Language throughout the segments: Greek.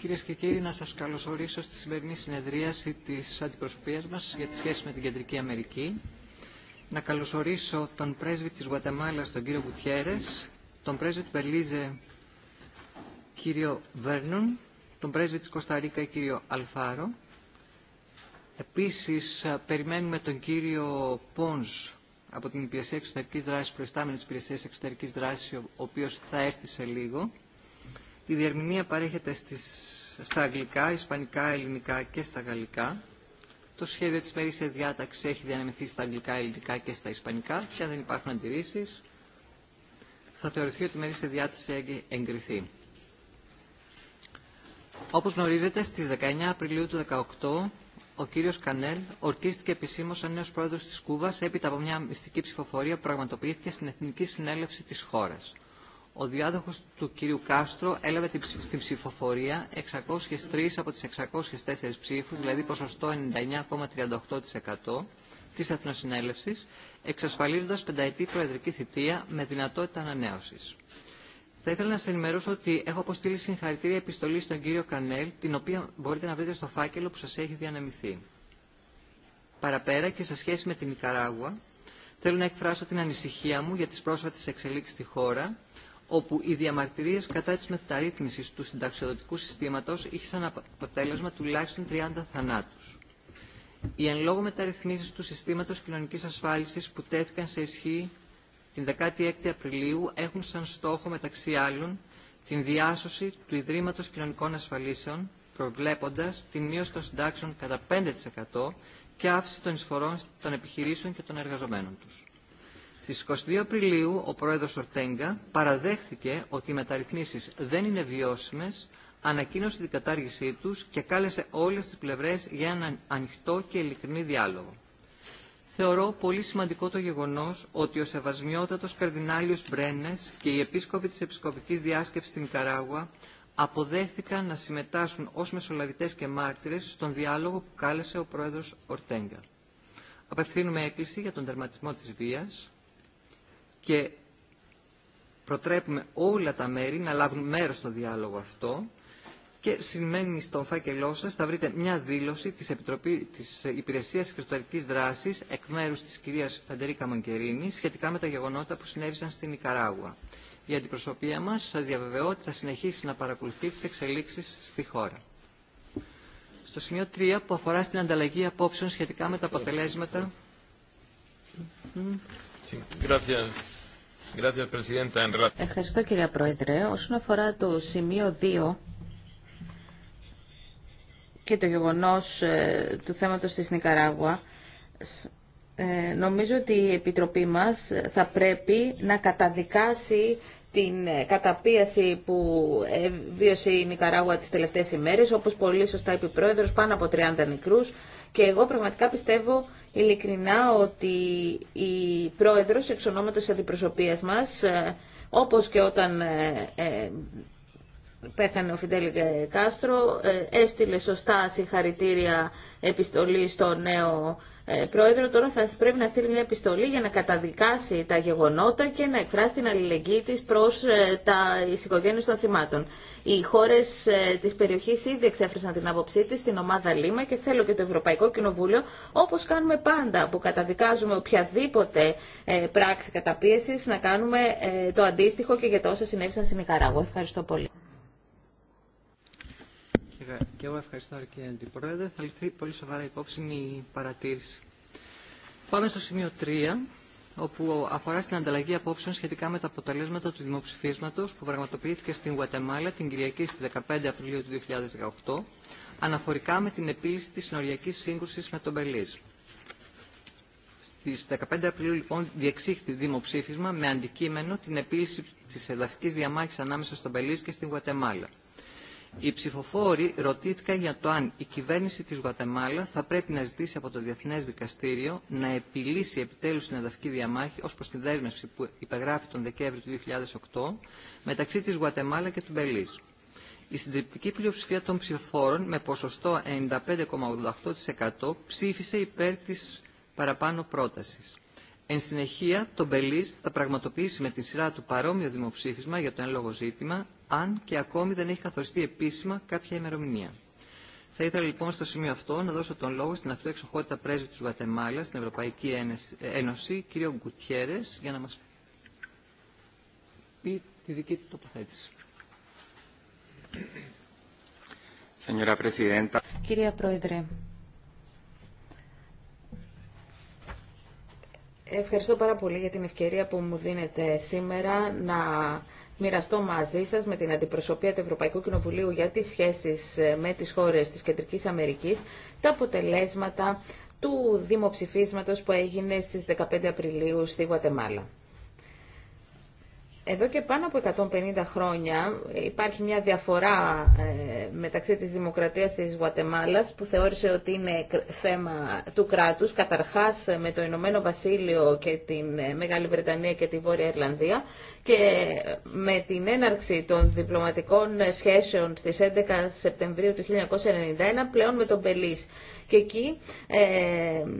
κυρίε και κύριοι, να σα καλωσορίσω στη σημερινή συνεδρίαση τη αντιπροσωπεία μα για τη σχέση με την Κεντρική Αμερική. Να καλωσορίσω τον πρέσβη τη Γουατεμάλα, τον κύριο Γουτιέρε, τον πρέσβη του Πελίζε, κύριο Βέρνον, τον πρέσβη τη Κωνσταντίνα, κύριο Αλφάρο. επίση περιμένουμε τον κύριο Πόνζ από την Υπηρεσία Εξωτερική Δράση, προϊστάμενη τη Υπηρεσία Εξωτερική δράση, ο οποίο θα έρθει σε λίγο. Η διερμηνία παρέχεται στις, στα αγγλικά, ισπανικά, ελληνικά και στα γαλλικά. Το σχέδιο της μερίσιας διάταξης έχει διανεμηθεί στα αγγλικά, ελληνικά και στα ισπανικά και αν δεν υπάρχουν αντιρρήσεις θα θεωρηθεί ότι η μερίσια διάταξη εγκριθεί. Όπως γνωρίζετε, στις 19 Απριλίου του 2018 ο κύριος Κανέλ ορκίστηκε επισήμως σαν νέος πρόεδρος της Κούβας έπειτα από μια μυστική ψηφοφορία που πραγματοποιήθηκε στην Εθνική Συνέλευση της χώρας ο διάδοχος του κυρίου Κάστρο έλαβε στην ψηφοφορία 603 από τις 604 ψήφους, δηλαδή ποσοστό 99,38% της Αθνοσυνέλευσης... εξασφαλίζοντας πενταετή προεδρική θητεία με δυνατότητα ανανέωσης. Θα ήθελα να σα ενημερώσω ότι έχω αποστείλει συγχαρητήρια επιστολή στον κύριο Κανέλ, την οποία μπορείτε να βρείτε στο φάκελο που σα έχει διανεμηθεί. Παραπέρα και σε σχέση με την Ικαράγουα, θέλω να εκφράσω την ανησυχία μου για τι πρόσφατε εξελίξει στη χώρα, όπου οι διαμαρτυρίες κατά της μεταρρύθμισης του συνταξιοδοτικού συστήματος είχε σαν αποτέλεσμα τουλάχιστον 30 θανάτους. Οι εν λόγω μεταρρυθμίσεις του συστήματος κοινωνικής ασφάλισης που τέθηκαν σε ισχύ την 16η Απριλίου έχουν σαν στόχο μεταξύ άλλων την διάσωση του Ιδρύματος Κοινωνικών Ασφαλίσεων προβλέποντας τη μείωση των συντάξεων κατά 5% και αύξηση των εισφορών των επιχειρήσεων και των εργαζομένων τους. Στις 22 Απριλίου ο πρόεδρος Ορτέγκα παραδέχθηκε ότι οι μεταρρυθμίσεις δεν είναι βιώσιμες, ανακοίνωσε την κατάργησή τους και κάλεσε όλες τις πλευρές για έναν ανοιχτό και ειλικρινή διάλογο. Θεωρώ πολύ σημαντικό το γεγονός ότι ο σεβασμιότατος καρδινάλιος Μπρένες και οι επίσκοποι της επισκοπικής διάσκεψης στην Καράγουα αποδέχθηκαν να συμμετάσχουν ως μεσολαβητές και μάρτυρες στον διάλογο που κάλεσε ο πρόεδρος Ορτέγκα. Απευθύνουμε έκκληση για τον τερματισμό της βίας, και προτρέπουμε όλα τα μέρη να λάβουν μέρος στο διάλογο αυτό και σημαίνει στον φάκελό σα, θα βρείτε μια δήλωση της, Επιτροπή, της Υπηρεσίας Εξωτερικής Δράσης εκ μέρους της κυρίας Φαντερίκα Μονκερίνη σχετικά με τα γεγονότα που συνέβησαν στην Ικαράγουα. Η αντιπροσωπεία μας σας διαβεβαιώ ότι θα συνεχίσει να παρακολουθεί τις εξελίξεις στη χώρα. Στο σημείο 3 που αφορά στην ανταλλαγή απόψεων σχετικά με τα αποτελέσματα Ευχαριστώ κύριε Πρόεδρε. Όσον αφορά το σημείο 2 και το γεγονός ε, του θέματος της Νικαράγουα, ε, νομίζω ότι η Επιτροπή μας θα πρέπει να καταδικάσει την ε, καταπίαση που βίωσε η Νικαράγουα τις τελευταίες ημέρες, όπως πολύ σωστά είπε η Πρόεδρος, πάνω από 30 νεκρούς. Και εγώ πραγματικά πιστεύω ειλικρινά ότι η πρόεδρος εξ ονόματος αντιπροσωπείας μας, ε, όπως και όταν ε, ε, πέθανε ο Φιντέλη Κάστρο, έστειλε σωστά συγχαρητήρια επιστολή στο νέο ε, πρόεδρο τώρα θα πρέπει να στείλει μια επιστολή για να καταδικάσει τα γεγονότα και να εκφράσει την αλληλεγγύη της προς ε, τα οικογένειε των θυμάτων. Οι χώρες ε, της περιοχής ήδη εξέφρασαν την άποψή της στην ομάδα Λίμα και θέλω και το Ευρωπαϊκό Κοινοβούλιο, όπως κάνουμε πάντα που καταδικάζουμε οποιαδήποτε πράξη καταπίεσης, να κάνουμε το αντίστοιχο και για τα όσα συνέβησαν στην Ικαράγω. Ευχαριστώ πολύ. Και εγώ ευχαριστώ κύριε Αντιπρόεδρε. Θα ληφθεί πολύ σοβαρά υπόψη η παρατήρηση. Πάμε στο σημείο 3, όπου αφορά στην ανταλλαγή απόψεων σχετικά με τα αποτελέσματα του δημοψηφίσματο που πραγματοποιήθηκε στην Γουατεμάλα την Κυριακή στι 15 Απριλίου του 2018, αναφορικά με την επίλυση τη συνοριακή σύγκρουση με τον Μπελίζ. Στι 15 Απριλίου, λοιπόν, διεξήχθη δημοψήφισμα με αντικείμενο την επίλυση τη εδαφική διαμάχη ανάμεσα στον Μπελίζ και στην Γουατεμάλα. Οι ψηφοφόροι ρωτήθηκαν για το αν η κυβέρνηση της Γουατεμάλα θα πρέπει να ζητήσει από το Διεθνές Δικαστήριο να επιλύσει επιτέλους την εδαφική διαμάχη ως προς την δέσμευση που υπεγράφει τον Δεκέμβριο του 2008 μεταξύ της Γουατεμάλα και του Μπελίζ. Η συντριπτική πλειοψηφία των ψηφοφόρων με ποσοστό 95,88% ψήφισε υπέρ της παραπάνω πρότασης. Εν συνεχεία, το Μπελίζ θα πραγματοποιήσει με τη σειρά του παρόμοιο δημοψήφισμα για το εν ζήτημα, αν και ακόμη δεν έχει καθοριστεί επίσημα κάποια ημερομηνία. Θα ήθελα λοιπόν στο σημείο αυτό να δώσω τον λόγο στην αυτοεξοχότητα πρέσβη τη Γουατεμάλα στην Ευρωπαϊκή Ένωση, κύριο Γκουτιέρε, για να μας πει τη δική του τοποθέτηση. Κυρία Πρόεδρε, ευχαριστώ πάρα πολύ για την ευκαιρία που μου δίνετε σήμερα να μοιραστώ μαζί σας με την αντιπροσωπεία του Ευρωπαϊκού Κοινοβουλίου για τις σχέσεις ε, με τις χώρες της Κεντρικής Αμερικής, τα αποτελέσματα του δημοψηφίσματος που έγινε στις 15 Απριλίου στη Γουατεμάλα. Εδώ και πάνω από 150 χρόνια υπάρχει μια διαφορά ε, μεταξύ της δημοκρατίας της Γουατεμάλας που θεώρησε ότι είναι θέμα του κράτους, καταρχάς με το Ηνωμένο Βασίλειο και την ε, Μεγάλη Βρετανία και τη Βόρεια Ιρλανδία και με την έναρξη των διπλωματικών σχέσεων στις 11 Σεπτεμβρίου του 1991 πλέον με τον Πελής. Και εκεί ε,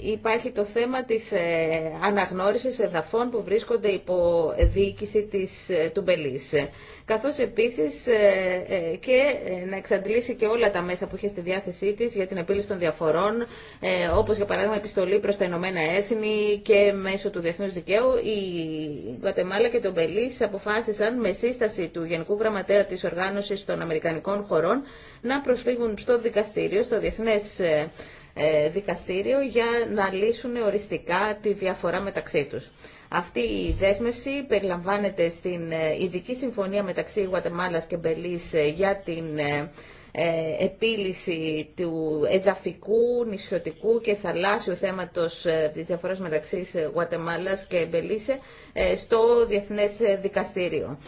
Υπάρχει το θέμα της ε, αναγνώρισης εδαφών που βρίσκονται υπό διοίκηση της, ε, του Μπελής. Καθώς επίσης ε, και να εξαντλήσει και όλα τα μέσα που είχε στη διάθεσή της για την επίλυση των διαφορών, όπως για παράδειγμα επιστολή προς τα Ηνωμένα Έθνη και μέσω του Διεθνούς Δικαίου, η Γατεμάλα και το Μπελής αποφάσισαν με σύσταση του Γενικού Γραμματέα της Οργάνωσης των Αμερικανικών Χωρών να προσφύγουν στο δικαστήριο, στο Διεθνές ε, δικαστήριο για να λύσουν οριστικά τη διαφορά μεταξύ τους. Αυτή η δέσμευση περιλαμβάνεται στην ε, ειδική συμφωνία μεταξύ Γουατεμάλας και Μπελής ε, για την επίλυση του εδαφικού, νησιωτικού και θαλάσσιου θέματος της διαφοράς μεταξύ Γουατεμάλας και Μπελίσε στο Διεθνές Δικαστήριο.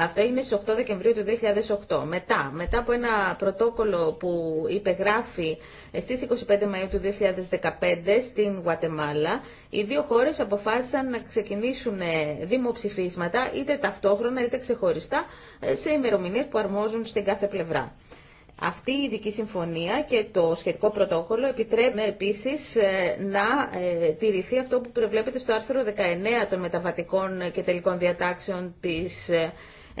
Αυτό έγινε στις 8 Δεκεμβρίου του 2008. Μετά, μετά από ένα πρωτόκολλο που υπεγράφει στις 25 Μαΐου του 2015 στην Γουατεμάλα, οι δύο χώρες αποφάσισαν να ξεκινήσουν ε, δημοψηφίσματα είτε ταυτόχρονα είτε ξεχωριστά ε, σε ημερομηνίες που αρμόζουν στην κάθε πλευρά. Αυτή η ειδική συμφωνία και το σχετικό πρωτόκολλο επιτρέπουν επίσης ε, να τηρηθεί αυτό που προβλέπεται στο άρθρο 19 των μεταβατικών και τελικών διατάξεων της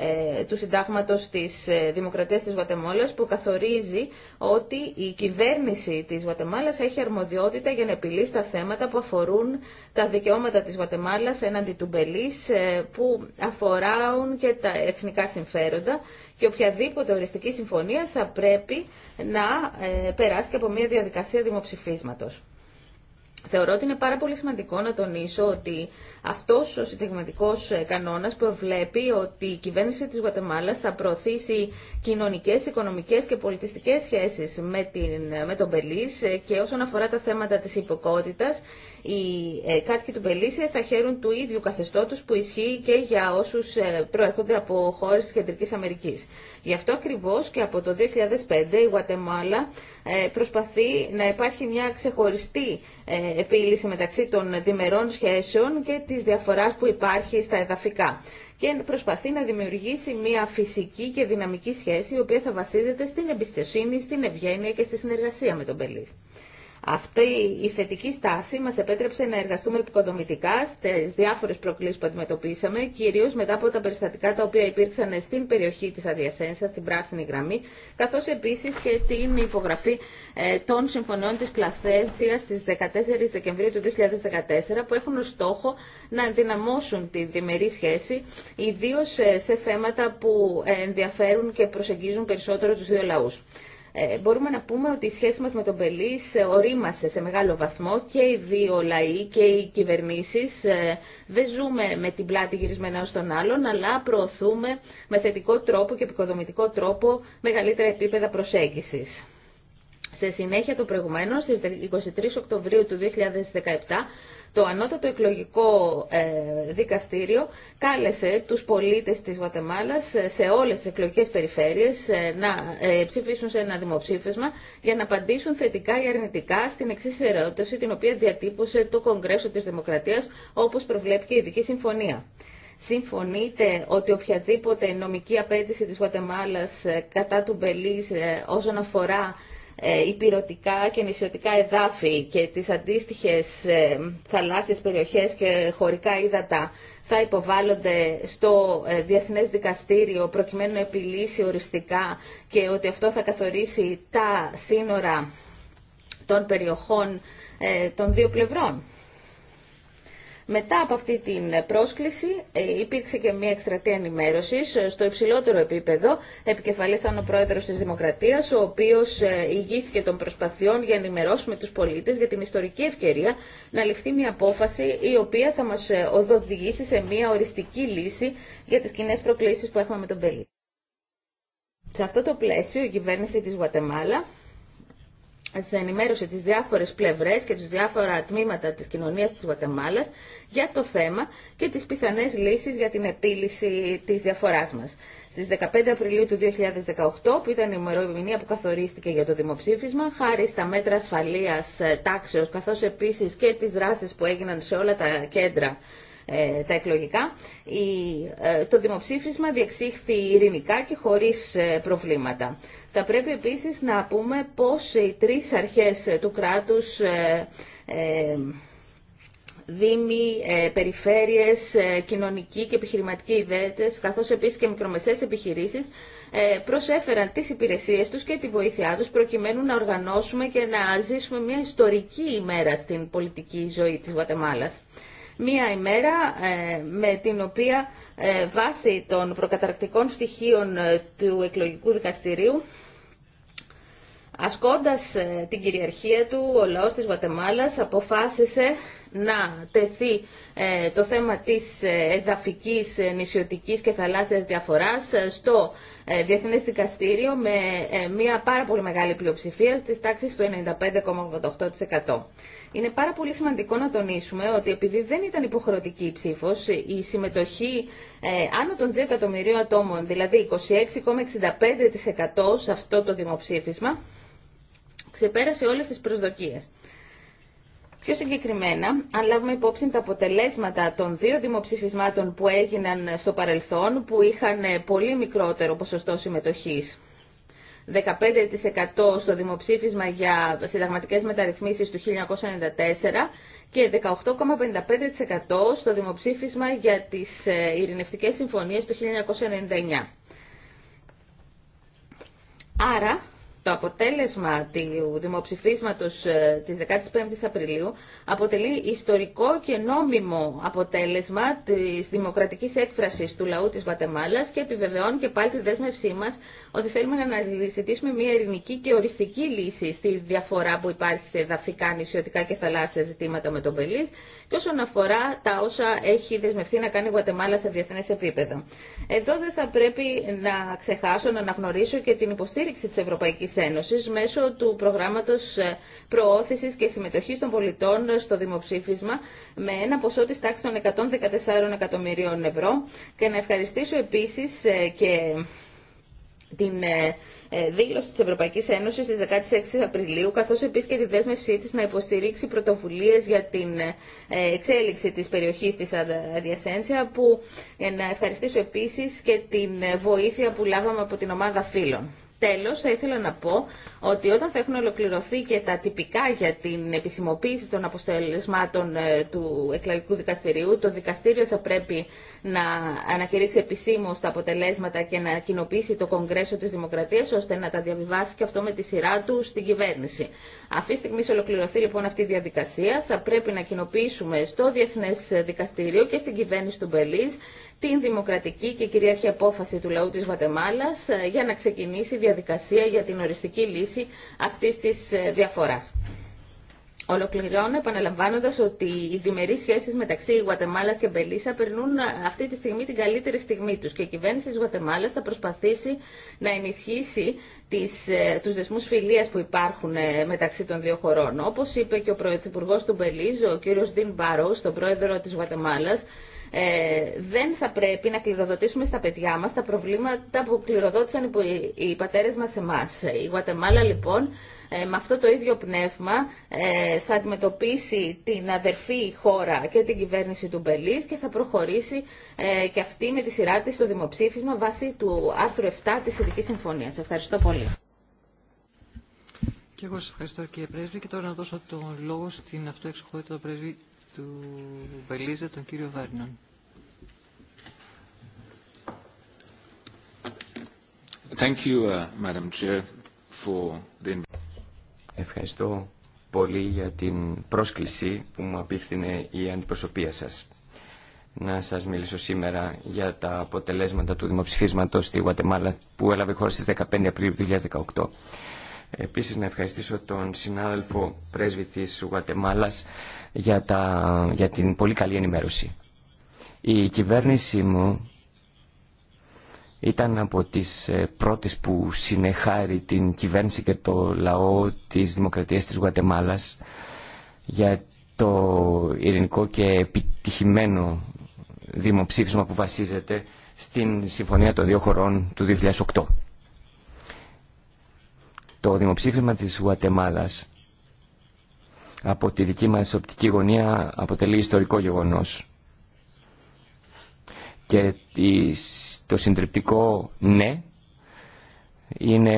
ε, του συντάγματος της ε, Δημοκρατίας της Βατεμόλα, που καθορίζει ότι η κυβέρνηση της Γουατεμάλας έχει αρμοδιότητα για να επιλύσει τα θέματα που αφορούν τα δικαιώματα της Γουατεμάλας έναντι του Μπελής ε, που αφοράουν και τα εθνικά συμφέροντα και οποιαδήποτε οριστική συμφωνία θα πρέπει να περάσει και από μια διαδικασία δημοψηφίσματος. Θεωρώ ότι είναι πάρα πολύ σημαντικό να τονίσω ότι αυτός ο συνταγματικός ε, κανόνας προβλέπει ότι η κυβέρνηση της Γουατεμάλας θα προωθήσει κοινωνικές, οικονομικές και πολιτιστικές σχέσεις με, την, ε, με τον Πελής ε, και όσον αφορά τα θέματα της υποκότητας οι ε, κάτοικοι του Μπελίσια θα χαίρουν του ίδιου καθεστώτος που ισχύει και για όσους ε, προέρχονται από χώρες της Κεντρικής Αμερικής. Γι' αυτό ακριβώς και από το 2005 η Γουατεμάλα ε, προσπαθεί να υπάρχει μια ξεχωριστή επίλυση μεταξύ των διμερών σχέσεων και της διαφοράς που υπάρχει στα εδαφικά και προσπαθεί να δημιουργήσει μια φυσική και δυναμική σχέση η οποία θα βασίζεται στην εμπιστοσύνη, στην ευγένεια και στη συνεργασία με τον Μπελίσια. Αυτή η θετική στάση μας επέτρεψε να εργαστούμε επικοδομητικά στις διάφορες προκλήσεις που αντιμετωπίσαμε, κυρίως μετά από τα περιστατικά τα οποία υπήρξαν στην περιοχή της Αδιασένσα, την Πράσινη Γραμμή, καθώς επίσης και την υπογραφή ε, των συμφωνών της Πλαθένθειας στις 14 Δεκεμβρίου του 2014, που έχουν ως στόχο να ενδυναμώσουν τη διμερή σχέση, ιδίως ε, σε θέματα που ενδιαφέρουν και προσεγγίζουν περισσότερο τους δύο λαούς ε, μπορούμε να πούμε ότι η σχέση μας με τον Μπελής ε, ορίμασε σε μεγάλο βαθμό και οι δύο λαοί και οι κυβερνήσεις. Ε, δεν ζούμε με την πλάτη γυρισμένα τον άλλον, αλλά προωθούμε με θετικό τρόπο και επικοδομητικό τρόπο μεγαλύτερα επίπεδα προσέγγισης. Σε συνέχεια το προηγουμένο, στις 23 Οκτωβρίου του 2017, το ανώτατο εκλογικό ε, δικαστήριο κάλεσε τους πολίτες της Γουατεμάλας ε, σε όλες τις εκλογικές περιφέρειες ε, να ψηφίσουν σε ένα δημοψήφισμα για να απαντήσουν θετικά ή αρνητικά στην εξή ερώτηση την οποία διατύπωσε το Κογκρέσο της Δημοκρατίας όπως προβλέπει και η Ειδική Συμφωνία. Συμφωνείτε ότι οποιαδήποτε νομική απέτηση της Γουατεμάλας κατά του Μπελής όσον αφορά ε, υπηρετικά και νησιωτικά εδάφη και τις αντίστοιχες ε, θαλάσσιες περιοχές και χωρικά ύδατα θα υποβάλλονται στο ε, Διεθνές Δικαστήριο προκειμένου να επιλύσει οριστικά και ότι αυτό θα καθορίσει τα σύνορα των περιοχών των δύο πλευρών. Μετά από αυτή την πρόσκληση ε, υπήρξε και μια εκστρατεία ενημέρωση ε, στο υψηλότερο επίπεδο. Επικεφαλήθηκαν ο πρόεδρος της Δημοκρατίας, ο οποίος ε, ηγήθηκε των προσπαθειών για να ενημερώσουμε τους πολίτες για την ιστορική ευκαιρία να ληφθεί μια απόφαση η οποία θα μας οδηγήσει σε μια οριστική λύση για τι κοινέ προκλήσει που έχουμε με τον Πελή. Σε αυτό το πλαίσιο η κυβέρνηση της Γουατεμάλα σε ενημέρωσε τις διάφορες πλευρές και τους διάφορα τμήματα της κοινωνίας της Γουατεμάλας για το θέμα και τις πιθανές λύσεις για την επίλυση της διαφοράς μας. Στις 15 Απριλίου του 2018, που ήταν η ημερομηνία που καθορίστηκε για το δημοψήφισμα, χάρη στα μέτρα ασφαλείας ε, τάξεως, καθώς επίσης και τις δράσεις που έγιναν σε όλα τα κέντρα ε, τα εκλογικά, ε, το δημοψήφισμα διεξήχθη ειρηνικά και χωρίς προβλήματα. Θα πρέπει επίσης να πούμε πώς οι τρεις αρχές του κράτους ε, ε, δήμοι, ε, περιφέρειες, κοινωνικοί και επιχειρηματικοί ιδέτες, καθώς επίσης και μικρομεσαίες επιχειρήσεις, προσέφεραν τις υπηρεσίες τους και τη βοήθειά τους προκειμένου να οργανώσουμε και να ζήσουμε μια ιστορική ημέρα στην πολιτική ζωή της Βατεμάλας. Μια ημέρα με την οποία ε, βάσει των προκαταρκτικών στοιχείων ε, του εκλογικού δικαστηρίου ασκώντας ε, την κυριαρχία του, ο λαός της Βατεμάλας αποφάσισε να τεθεί το θέμα της εδαφικής, νησιωτικής και θαλάσσιας διαφοράς στο Διεθνές Δικαστήριο με μια πάρα πολύ μεγάλη πλειοψηφία της τάξης του 95,88%. Είναι πάρα πολύ σημαντικό να τονίσουμε ότι επειδή δεν ήταν υποχρεωτική η ψήφο, η συμμετοχή ε, άνω των 2 εκατομμυρίων ατόμων, δηλαδή 26,65% σε αυτό το δημοψήφισμα, ξεπέρασε όλες τις προσδοκίε. Πιο συγκεκριμένα, αν λάβουμε υπόψη τα αποτελέσματα των δύο δημοψηφισμάτων που έγιναν στο παρελθόν, που είχαν ε, πολύ μικρότερο ποσοστό συμμετοχής 15% στο δημοψήφισμα για συνταγματικές μεταρρυθμίσεις του 1994 και 18,55% στο δημοψήφισμα για τις ε, ειρηνευτικές συμφωνίες του 1999. Άρα, το αποτέλεσμα του δημοψηφίσματος ε, της 15ης Απριλίου αποτελεί ιστορικό και νόμιμο αποτέλεσμα της δημοκρατικής έκφρασης του λαού της Γουατεμάλας και επιβεβαιώνει και πάλι τη δέσμευσή μας ότι θέλουμε να αναζητήσουμε μια ειρηνική και οριστική λύση στη διαφορά που υπάρχει σε εδαφικά, νησιωτικά και θαλάσσια ζητήματα με τον Πελής και όσον αφορά τα όσα έχει δεσμευτεί να κάνει η Γουατεμάλα σε διεθνέ επίπεδο. Εδώ δεν θα πρέπει να ξεχάσω να αναγνωρίσω και την υποστήριξη της Ευρωπαϊκής Ένωση μέσω του προγράμματος ε, προώθησης και συμμετοχής των πολιτών στο δημοψήφισμα με ένα ποσό της τάξης των 114 εκατομμυρίων ευρώ και να ευχαριστήσω επίσης ε, και την ε, δήλωση της Ευρωπαϊκής Ένωσης στις 16 Απριλίου, καθώς επίσης και τη δέσμευσή της να υποστηρίξει πρωτοβουλίες για την εξέλιξη της περιοχής της Αδιασένσια, που να ευχαριστήσω επίσης και την βοήθεια που λάβαμε από την ομάδα φίλων. Τέλος, θα ήθελα να πω ότι όταν θα έχουν ολοκληρωθεί και τα τυπικά για την επισημοποίηση των αποστελεσμάτων ε, του εκλογικού δικαστηρίου, το δικαστήριο θα πρέπει να ανακηρύξει επισήμω τα αποτελέσματα και να κοινοποιήσει το Κογκρέσο της Δημοκρατίας, ώστε να τα διαβιβάσει και αυτό με τη σειρά του στην κυβέρνηση. Αυτή τη στιγμή ολοκληρωθεί λοιπόν αυτή η διαδικασία. Θα πρέπει να κοινοποιήσουμε στο Διεθνές Δικαστήριο και στην κυβέρνηση του Μπελίζ την δημοκρατική και κυρίαρχη απόφαση του λαού της Βατεμάλας ε, για να ξεκινήσει η διαδικασία για την οριστική λύση αυτής της ε, διαφοράς. Ολοκληρώνω επαναλαμβάνοντα ότι οι διμερείς σχέσεις μεταξύ Γουατεμάλας και Μπελίσα περνούν ε, αυτή τη στιγμή την καλύτερη στιγμή τους και η κυβέρνηση τη Γουατεμάλας θα προσπαθήσει να ενισχύσει τους δεσμούς φιλίας που υπάρχουν μεταξύ των δύο χωρών. Όπως είπε και ο Πρωθυπουργός του Μπελίζ, ο κ. Διν Μπαρό, τον πρόεδρο τη Γουατεμάλας, ε, δεν θα πρέπει να κληροδοτήσουμε στα παιδιά μας τα προβλήματα που κληροδότησαν οι πατέρες μας εμάς. Η Γουατεμάλα λοιπόν ε, με αυτό το ίδιο πνεύμα ε, θα αντιμετωπίσει την αδερφή χώρα και την κυβέρνηση του Μπελής και θα προχωρήσει και αυτή με τη σειρά της στο δημοψήφισμα βάσει του άρθρου 7 της Ειδικής Συμφωνίας. Ευχαριστώ πολύ. Και εγώ σας ευχαριστώ κύριε Πρέσβη και τώρα να δώσω τον λόγο στην αυτοεξοχότητα πρέσβη τον κύριο Thank you, uh, Madam Chair, for the... Ευχαριστώ πολύ για την πρόσκληση που μου απίθυνε η αντιπροσωπεία σας. Να σας μιλήσω σήμερα για τα αποτελέσματα του δημοψηφίσματος στη Γουατεμάλα που έλαβε χώρα στις 15 Απριλίου του 2018. Επίσης να ευχαριστήσω τον συνάδελφο πρέσβη της Γουατεμάλας για, τα, για την πολύ καλή ενημέρωση. Η κυβέρνησή μου ήταν από τις ε, πρώτες που συνεχάρει την κυβέρνηση και το λαό της Δημοκρατίας της Γουατεμάλας για το ειρηνικό και επιτυχημένο δημοψήφισμα που βασίζεται στην Συμφωνία των Δύο Χωρών του 2008 το δημοψήφισμα της Γουατεμάλας από τη δική μας οπτική γωνία αποτελεί ιστορικό γεγονός. Και το συντριπτικό ναι είναι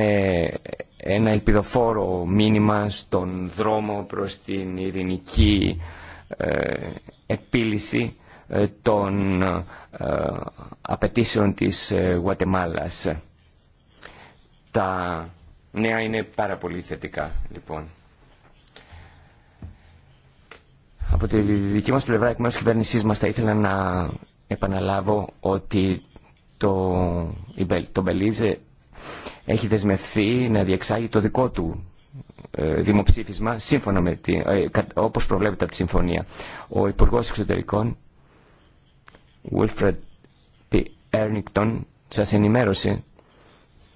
ένα ελπιδοφόρο μήνυμα στον δρόμο προς την ειρηνική επίλυση ε, των ε, απαιτήσεων της ε, Γουατεμάλας. Τα νέα είναι πάρα πολύ θετικά, λοιπόν. Από τη δική μας πλευρά, εκ μέρους της κυβέρνησής μας, θα ήθελα να επαναλάβω ότι το, το Μπελίζε έχει δεσμευθεί να διεξάγει το δικό του ε, δημοψήφισμα σύμφωνα με ε, όπως προβλέπεται από τη συμφωνία. Ο Υπουργός Εξωτερικών Wilfred P. Έρνικτον σας ενημέρωσε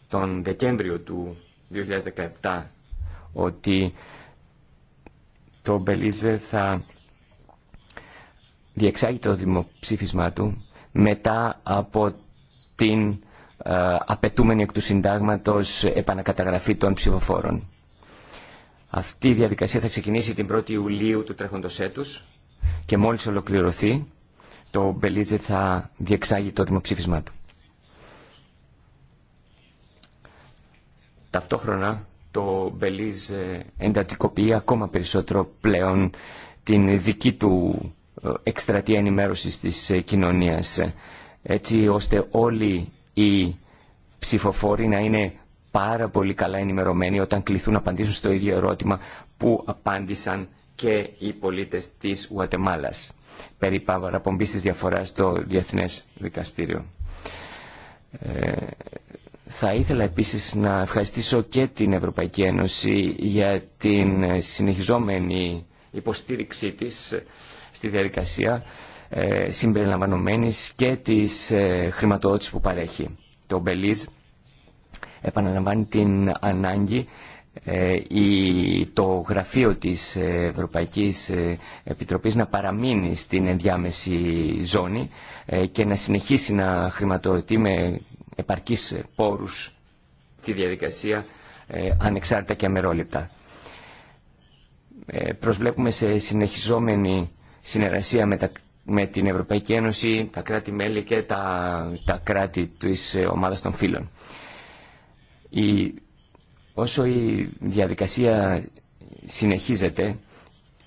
τον Δεκέμβριο του 2017 ότι το Μπελίζε θα διεξάγει το δημοψήφισμά του μετά από την ε, απαιτούμενη εκ του συντάγματος επανακαταγραφή των ψηφοφόρων. Αυτή η διαδικασία θα ξεκινήσει την 1η Ιουλίου του τρέχοντος έτους και μόλις ολοκληρωθεί το Μπελίζε θα διεξάγει το δημοψήφισμά του. Ταυτόχρονα το Μπελίζ ε, εντατικοποιεί ακόμα περισσότερο πλέον την δική του ε, εκστρατεία ενημέρωσης της ε, κοινωνίας έτσι ώστε όλοι οι ψηφοφόροι να είναι πάρα πολύ καλά ενημερωμένοι όταν κληθούν να απαντήσουν στο ίδιο ερώτημα που απάντησαν και οι πολίτες της Ουατεμάλας περί παραπομπής της διαφοράς στο Διεθνές Δικαστήριο. Θα ήθελα επίσης να ευχαριστήσω και την Ευρωπαϊκή Ένωση για την συνεχιζόμενη υποστήριξή της στη διαδικασία ε, συμπεριλαμβανομένης και της ε, χρηματοδότησης που παρέχει. Το Μπελίζ επαναλαμβάνει την ανάγκη ε, το γραφείο της Ευρωπαϊκής Επιτροπής να παραμείνει στην ενδιάμεση ζώνη και να συνεχίσει να χρηματοδοτεί με επαρκής πόρους τη διαδικασία ε, ανεξάρτητα και αμερόληπτα. Ε, προσβλέπουμε σε συνεχιζόμενη συνεργασία με την Ευρωπαϊκή Ένωση, τα κράτη-μέλη και τα, τα κράτη της ε, ομάδας των φίλων. Η, όσο η διαδικασία συνεχίζεται,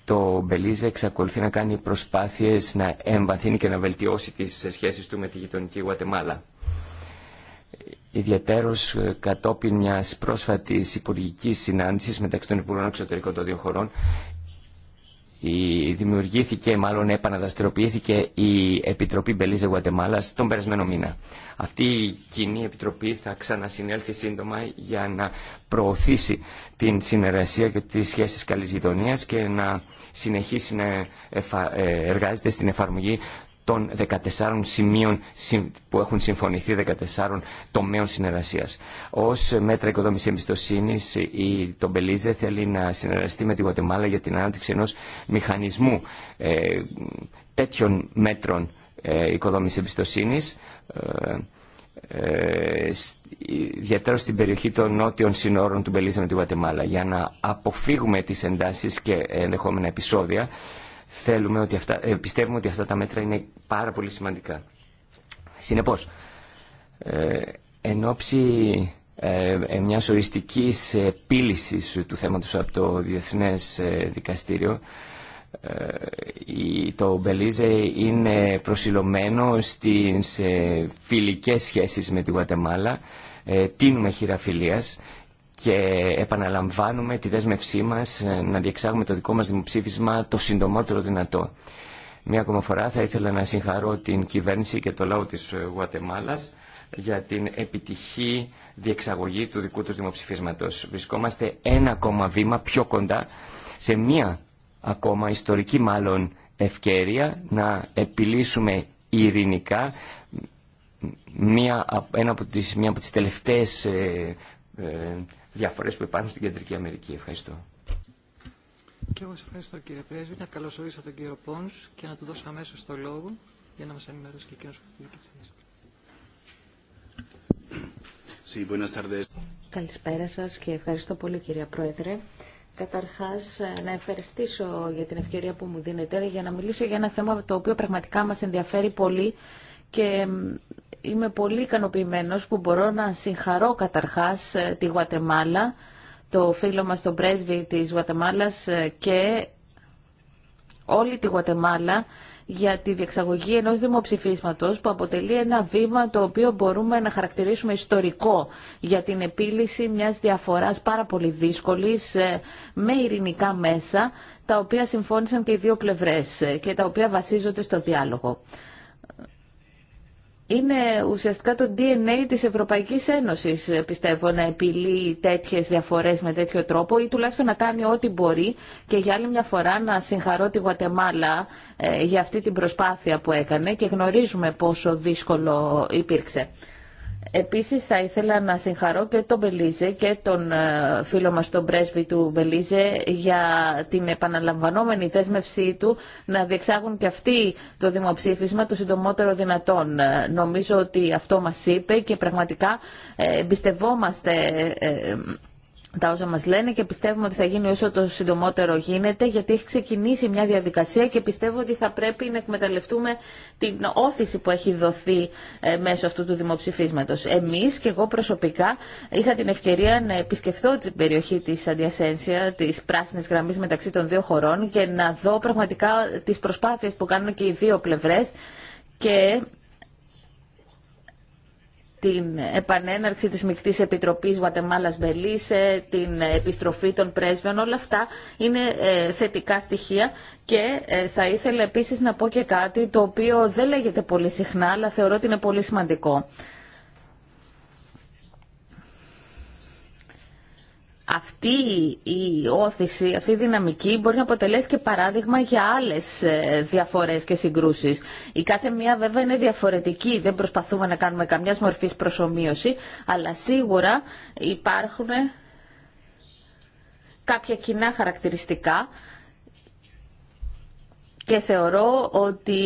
το Μπελίζε εξακολουθεί να κάνει προσπάθειες να εμβαθύνει και να βελτιώσει τις σχέσεις του με τη γειτονική Γουατεμάλα ιδιαίτερος ε, κατόπιν μιας πρόσφατης υπουργική συνάντησης μεταξύ των Υπουργών Εξωτερικών των δύο χωρών η, δημιουργήθηκε, μάλλον επαναδραστηριοποιήθηκε η Επιτροπή Μπελίζε Γουατεμάλα τον περασμένο μήνα. Αυτή η κοινή επιτροπή θα ξανασυνέλθει σύντομα για να προωθήσει την συνεργασία και τις σχέσεις καλής γειτονίας και να συνεχίσει να ε, εργάζεται στην εφαρμογή των 14 σημείων που έχουν συμφωνηθεί, 14 τομέων συνεργασία. Ω μέτρα οικοδόμηση εμπιστοσύνη, η, το Μπελίζε θέλει να συνεργαστεί με τη Γουατεμάλα για την ανάπτυξη ενό μηχανισμού ε, τέτοιων μέτρων ε, οικοδόμηση εμπιστοσύνη. Ε, ε ιδιαίτερα στην περιοχή των νότιων συνόρων του Μπελίζα με τη Γουατεμάλα για να αποφύγουμε τις εντάσεις και ενδεχόμενα επεισόδια Θέλουμε ότι αυτά, ε, πιστεύουμε ότι αυτά τα μέτρα είναι πάρα πολύ σημαντικά. Συνεπώς, ε, εν ώψη ε, ε μιας του θέματος από το Διεθνές ε, Δικαστήριο, το Μπελίζε είναι προσιλωμένο στις φιλικές σχέσεις με τη Γουατεμάλα, τίνουμε χειραφιλίας και επαναλαμβάνουμε τη δέσμευσή μας ε, να διεξάγουμε το δικό μας δημοψήφισμα το συντομότερο δυνατό. Μία ακόμα φορά θα ήθελα να συγχαρώ την κυβέρνηση και το λαό της ε, Γουατεμάλας για την επιτυχή διεξαγωγή του δικού τους δημοψηφίσματος. Βρισκόμαστε ένα ακόμα βήμα πιο κοντά σε μία ακόμα ιστορική μάλλον ευκαιρία να επιλύσουμε ειρηνικά μία, ένα από τις, μία από τις τελευταίες ε, διαφορές που υπάρχουν στην Κεντρική Αμερική. Ευχαριστώ. Και εγώ σας ευχαριστώ κύριε Πρέσβη. Να καλωσορίσω τον κύριο Πόνς και να του δώσω αμέσω το λόγο για να μας ενημερώσει και εκείνος που Καλησπέρα σας και ευχαριστώ πολύ κυρία Πρόεδρε. Καταρχάς ε, να ευχαριστήσω για την ευκαιρία που μου δίνετε για να μιλήσω για ένα θέμα το οποίο πραγματικά μας ενδιαφέρει πολύ και είμαι πολύ ικανοποιημένο που μπορώ να συγχαρώ καταρχάς ε, τη Γουατεμάλα, το φίλο μας τον πρέσβη της Γουατεμάλας ε, και όλη τη Γουατεμάλα για τη διεξαγωγή ενός δημοψηφίσματος που αποτελεί ένα βήμα το οποίο μπορούμε να χαρακτηρίσουμε ιστορικό για την επίλυση μιας διαφοράς πάρα πολύ δύσκολης ε, με ειρηνικά μέσα τα οποία συμφώνησαν και οι δύο πλευρές και τα οποία βασίζονται στο διάλογο είναι ουσιαστικά το DNA της Ευρωπαϊκής Ένωσης, πιστεύω, να επιλύει τέτοιες διαφορές με τέτοιο τρόπο ή τουλάχιστον να κάνει ό,τι μπορεί και για άλλη μια φορά να συγχαρώ τη Γουατεμάλα ε, για αυτή την προσπάθεια που έκανε και γνωρίζουμε πόσο δύσκολο υπήρξε. Επίσης θα ήθελα να συγχαρώ και τον Μπελίζε και τον ε, φίλο μας τον πρέσβη του Μπελίζε για την επαναλαμβανόμενη δέσμευσή του να διεξάγουν και αυτοί το δημοψήφισμα το συντομότερο δυνατόν. Ε, νομίζω ότι αυτό μας είπε και πραγματικά ε, εμπιστευόμαστε τα όσα μας λένε και πιστεύουμε ότι θα γίνει όσο το συντομότερο γίνεται γιατί έχει ξεκινήσει μια διαδικασία και πιστεύω ότι θα πρέπει να εκμεταλλευτούμε την όθηση που έχει δοθεί ε, μέσω αυτού του δημοψηφίσματος. Εμείς και εγώ προσωπικά είχα την ευκαιρία να επισκεφθώ την περιοχή της Αντιασένσια, της πράσινης γραμμής μεταξύ των δύο χωρών και να δω πραγματικά τις προσπάθειες που κάνουν και οι δύο πλευρές και την επανέναρξη της Μικτής Επιτροπής Γουατεμάλας Μπελίσε, την επιστροφή των πρέσβεων, όλα αυτά είναι ε, θετικά στοιχεία και ε, θα ήθελα επίσης να πω και κάτι το οποίο δεν λέγεται πολύ συχνά αλλά θεωρώ ότι είναι πολύ σημαντικό. αυτή η όθηση, αυτή η δυναμική μπορεί να αποτελέσει και παράδειγμα για άλλες ε, διαφορές και συγκρούσεις. Η κάθε μία βέβαια είναι διαφορετική, δεν προσπαθούμε να κάνουμε καμιά μορφής προσωμείωση, αλλά σίγουρα υπάρχουν κάποια κοινά χαρακτηριστικά και θεωρώ ότι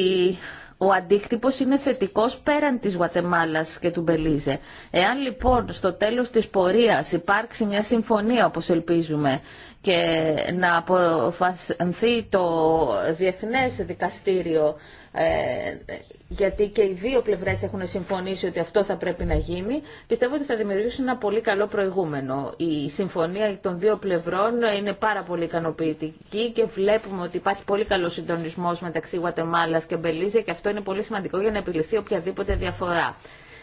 ο αντίκτυπο είναι θετικό πέραν τη Γουατεμάλα και του Μπελίζε. Εάν λοιπόν στο τέλο της πορεία υπάρξει μια συμφωνία όπω ελπίζουμε και να αποφασθεί το διεθνέ Δικαστήριο ε, γιατί και οι δύο πλευρές έχουν συμφωνήσει ότι αυτό θα πρέπει να γίνει, πιστεύω ότι θα δημιουργήσουν ένα πολύ καλό προηγούμενο. Η συμφωνία των δύο πλευρών είναι πάρα πολύ ικανοποιητική και βλέπουμε ότι υπάρχει πολύ καλό συντονισμό μεταξύ Γουατεμάλα και Μπελίζια και αυτό είναι πολύ σημαντικό για να επιληθεί οποιαδήποτε διαφορά.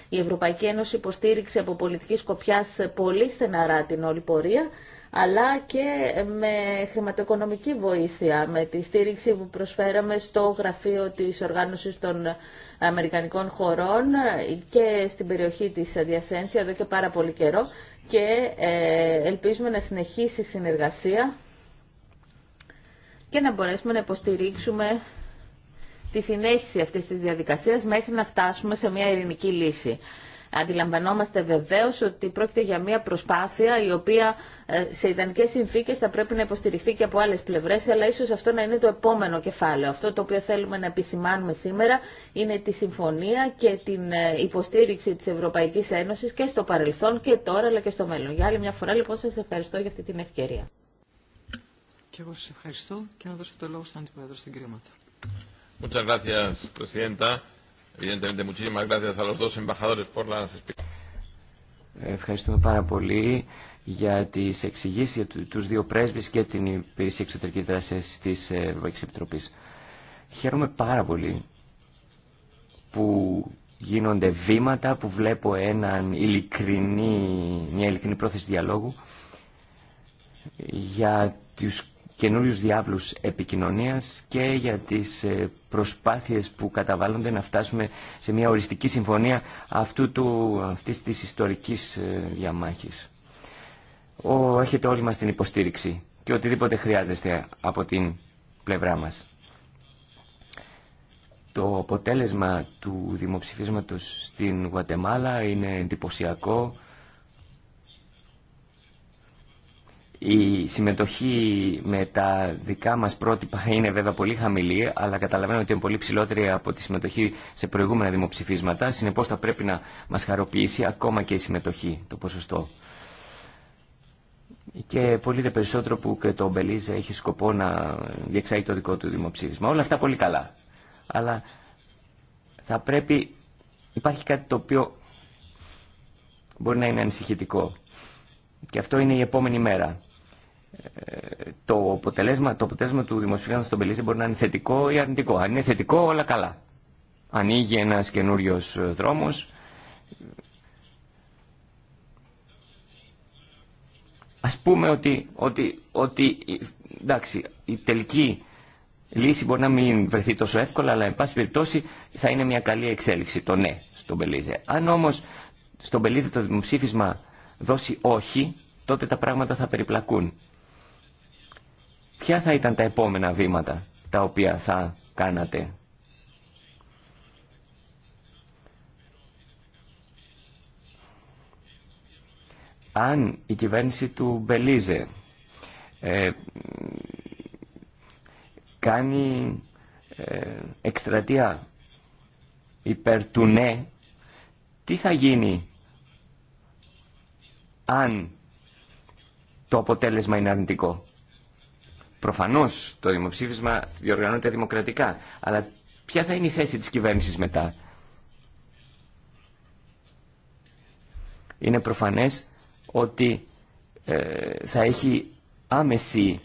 Η Ευρωπαϊκή Ένωση υποστήριξε από πολιτική σκοπιά πολύ στεναρά την όλη πορεία αλλά και με χρηματοοικονομική βοήθεια, με τη στήριξη που προσφέραμε στο γραφείο της Οργάνωσης των Αμερικανικών Χωρών και στην περιοχή της Διασένσια εδώ και πάρα πολύ καιρό και ε, ελπίζουμε να συνεχίσει η συνεργασία και να μπορέσουμε να υποστηρίξουμε τη συνέχιση αυτής της διαδικασίας μέχρι να φτάσουμε σε μια ειρηνική λύση. Αντιλαμβανόμαστε βεβαίω ότι πρόκειται για μια προσπάθεια η οποία ε, σε ιδανικέ συνθήκε θα πρέπει να υποστηριχθεί και από άλλε πλευρέ, αλλά ίσω αυτό να είναι το επόμενο κεφάλαιο. Αυτό το οποίο θέλουμε να επισημάνουμε σήμερα είναι τη συμφωνία και την ε, υποστήριξη τη Ευρωπαϊκή Ένωση και στο παρελθόν και τώρα αλλά και στο μέλλον. Για άλλη μια φορά λοιπόν σα ευχαριστώ για αυτή την ευκαιρία. Και εγώ σας ευχαριστώ και να δώσω το λόγο στον Αντιπρόεδρο στην Κρίματα. Muchas gracias, Presidenta. Evidentemente, muchísimas gracias a los dos embajadores por las Ευχαριστούμε πάρα πολύ για τις εξηγήσεις του τους δύο πρέσβεις και την υπηρεσία εξωτερικής δράσης της ε, Ευρωπαϊκής Επιτροπής. Χαίρομαι πάρα πολύ που γίνονται βήματα, που βλέπω έναν ειλικρινή, μια ειλικρινή πρόθεση διαλόγου για τους καινούριου διάβλους επικοινωνίας και για τις ε, προσπάθειες που καταβάλλονται να φτάσουμε σε μια οριστική συμφωνία αυτού του, αυτής της ιστορικής ε, διαμάχης. Ο, έχετε όλοι μας την υποστήριξη και οτιδήποτε χρειάζεστε από την πλευρά μας. Το αποτέλεσμα του δημοψηφίσματος στην Γουατεμάλα είναι εντυπωσιακό Η συμμετοχή με τα δικά μας πρότυπα είναι βέβαια πολύ χαμηλή, αλλά καταλαβαίνω ότι είναι πολύ ψηλότερη από τη συμμετοχή σε προηγούμενα δημοψηφίσματα. Συνεπώς θα πρέπει να μας χαροποιήσει ακόμα και η συμμετοχή, το ποσοστό. Και πολύ δε περισσότερο που και το Μπελίζ έχει σκοπό να διεξάγει το δικό του δημοψήφισμα. Όλα αυτά πολύ καλά. Αλλά θα πρέπει... Υπάρχει κάτι το οποίο μπορεί να είναι ανησυχητικό. Και αυτό είναι η επόμενη μέρα το αποτέλεσμα, το του δημοσιογράφου στον Πελίζη μπορεί να είναι θετικό ή αρνητικό. Αν είναι θετικό, όλα καλά. Ανοίγει ένας καινούριο ε, δρόμος. Ας πούμε ότι, ότι, ότι εντάξει, η τελική ενα καινουριο δρομος α πουμε οτι οτι μπορεί να μην βρεθεί τόσο εύκολα, αλλά εν πάση περιπτώσει θα είναι μια καλή εξέλιξη το ναι στον Πελίζε. Αν όμω στον Πελίζε το δημοψήφισμα δώσει όχι, τότε τα πράγματα θα περιπλακούν. Ποια θα ήταν τα επόμενα βήματα τα οποία θα κάνατε. Αν η κυβέρνηση του Μπελίζε ε, κάνει ε, εκστρατεία υπέρ του ναι, τι θα γίνει αν το αποτέλεσμα είναι αρνητικό. Προφανώ το δημοψήφισμα διοργανώνεται δημοκρατικά, αλλά ποια θα είναι η θέση της κυβέρνηση μετά. Είναι προφανέ ότι ε, θα έχει άμεση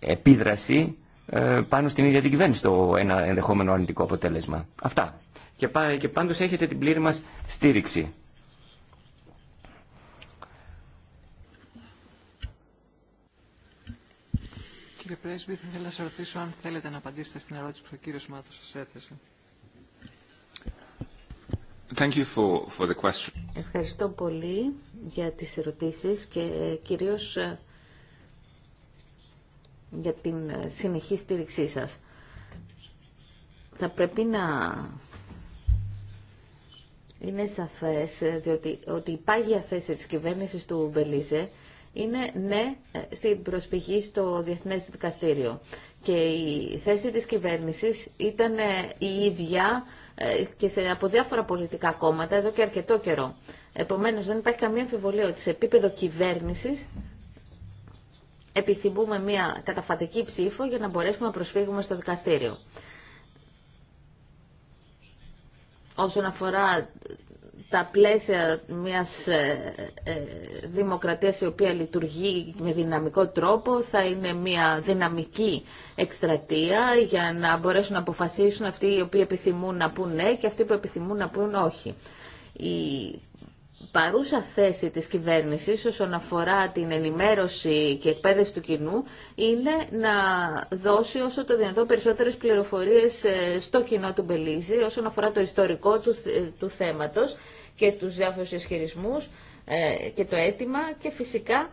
επίδραση ε, πάνω στην ίδια την κυβέρνηση το ένα ενδεχόμενο αρνητικό αποτέλεσμα. Αυτά. Και, και πάντως έχετε την πλήρη μας στήριξη. κύριε Πρέσβη, θα ήθελα να σα ρωτήσω αν θέλετε να απαντήσετε στην ερώτηση που ο κύριο Μάτο σα έθεσε. Thank you for, for the question. Ευχαριστώ πολύ για τις ερωτήσεις και κυρίως ε, για την ε, συνεχή στήριξή σας. Θα πρέπει να είναι σαφές ε, διότι, ότι η πάγια θέση της κυβέρνησης του Μπελίζε είναι ναι ε, στην προσφυγή στο Διεθνές Δικαστήριο. Και η θέση της κυβέρνησης ήταν ε, η ίδια ε, και σε, από διάφορα πολιτικά κόμματα εδώ και αρκετό καιρό. Επομένως δεν υπάρχει καμία αμφιβολία ότι σε επίπεδο κυβέρνησης επιθυμούμε μια καταφατική ψήφο για να μπορέσουμε να προσφύγουμε στο δικαστήριο. Όσον αφορά τα πλαίσια μιας ε, ε, δημοκρατίας η οποία λειτουργεί με δυναμικό τρόπο θα είναι μια δυναμική εκστρατεία για να μπορέσουν να αποφασίσουν αυτοί οι οποίοι επιθυμούν να πούν ναι και αυτοί που επιθυμούν να πούν όχι. Η παρούσα θέση της κυβέρνησης όσον αφορά την ενημέρωση και εκπαίδευση του κοινού είναι να δώσει όσο το δυνατόν περισσότερες πληροφορίες ε, στο κοινό του Μπελίζη όσον αφορά το ιστορικό του, του θέματος και τους διάφορους ισχυρισμού ε, και το αίτημα και φυσικά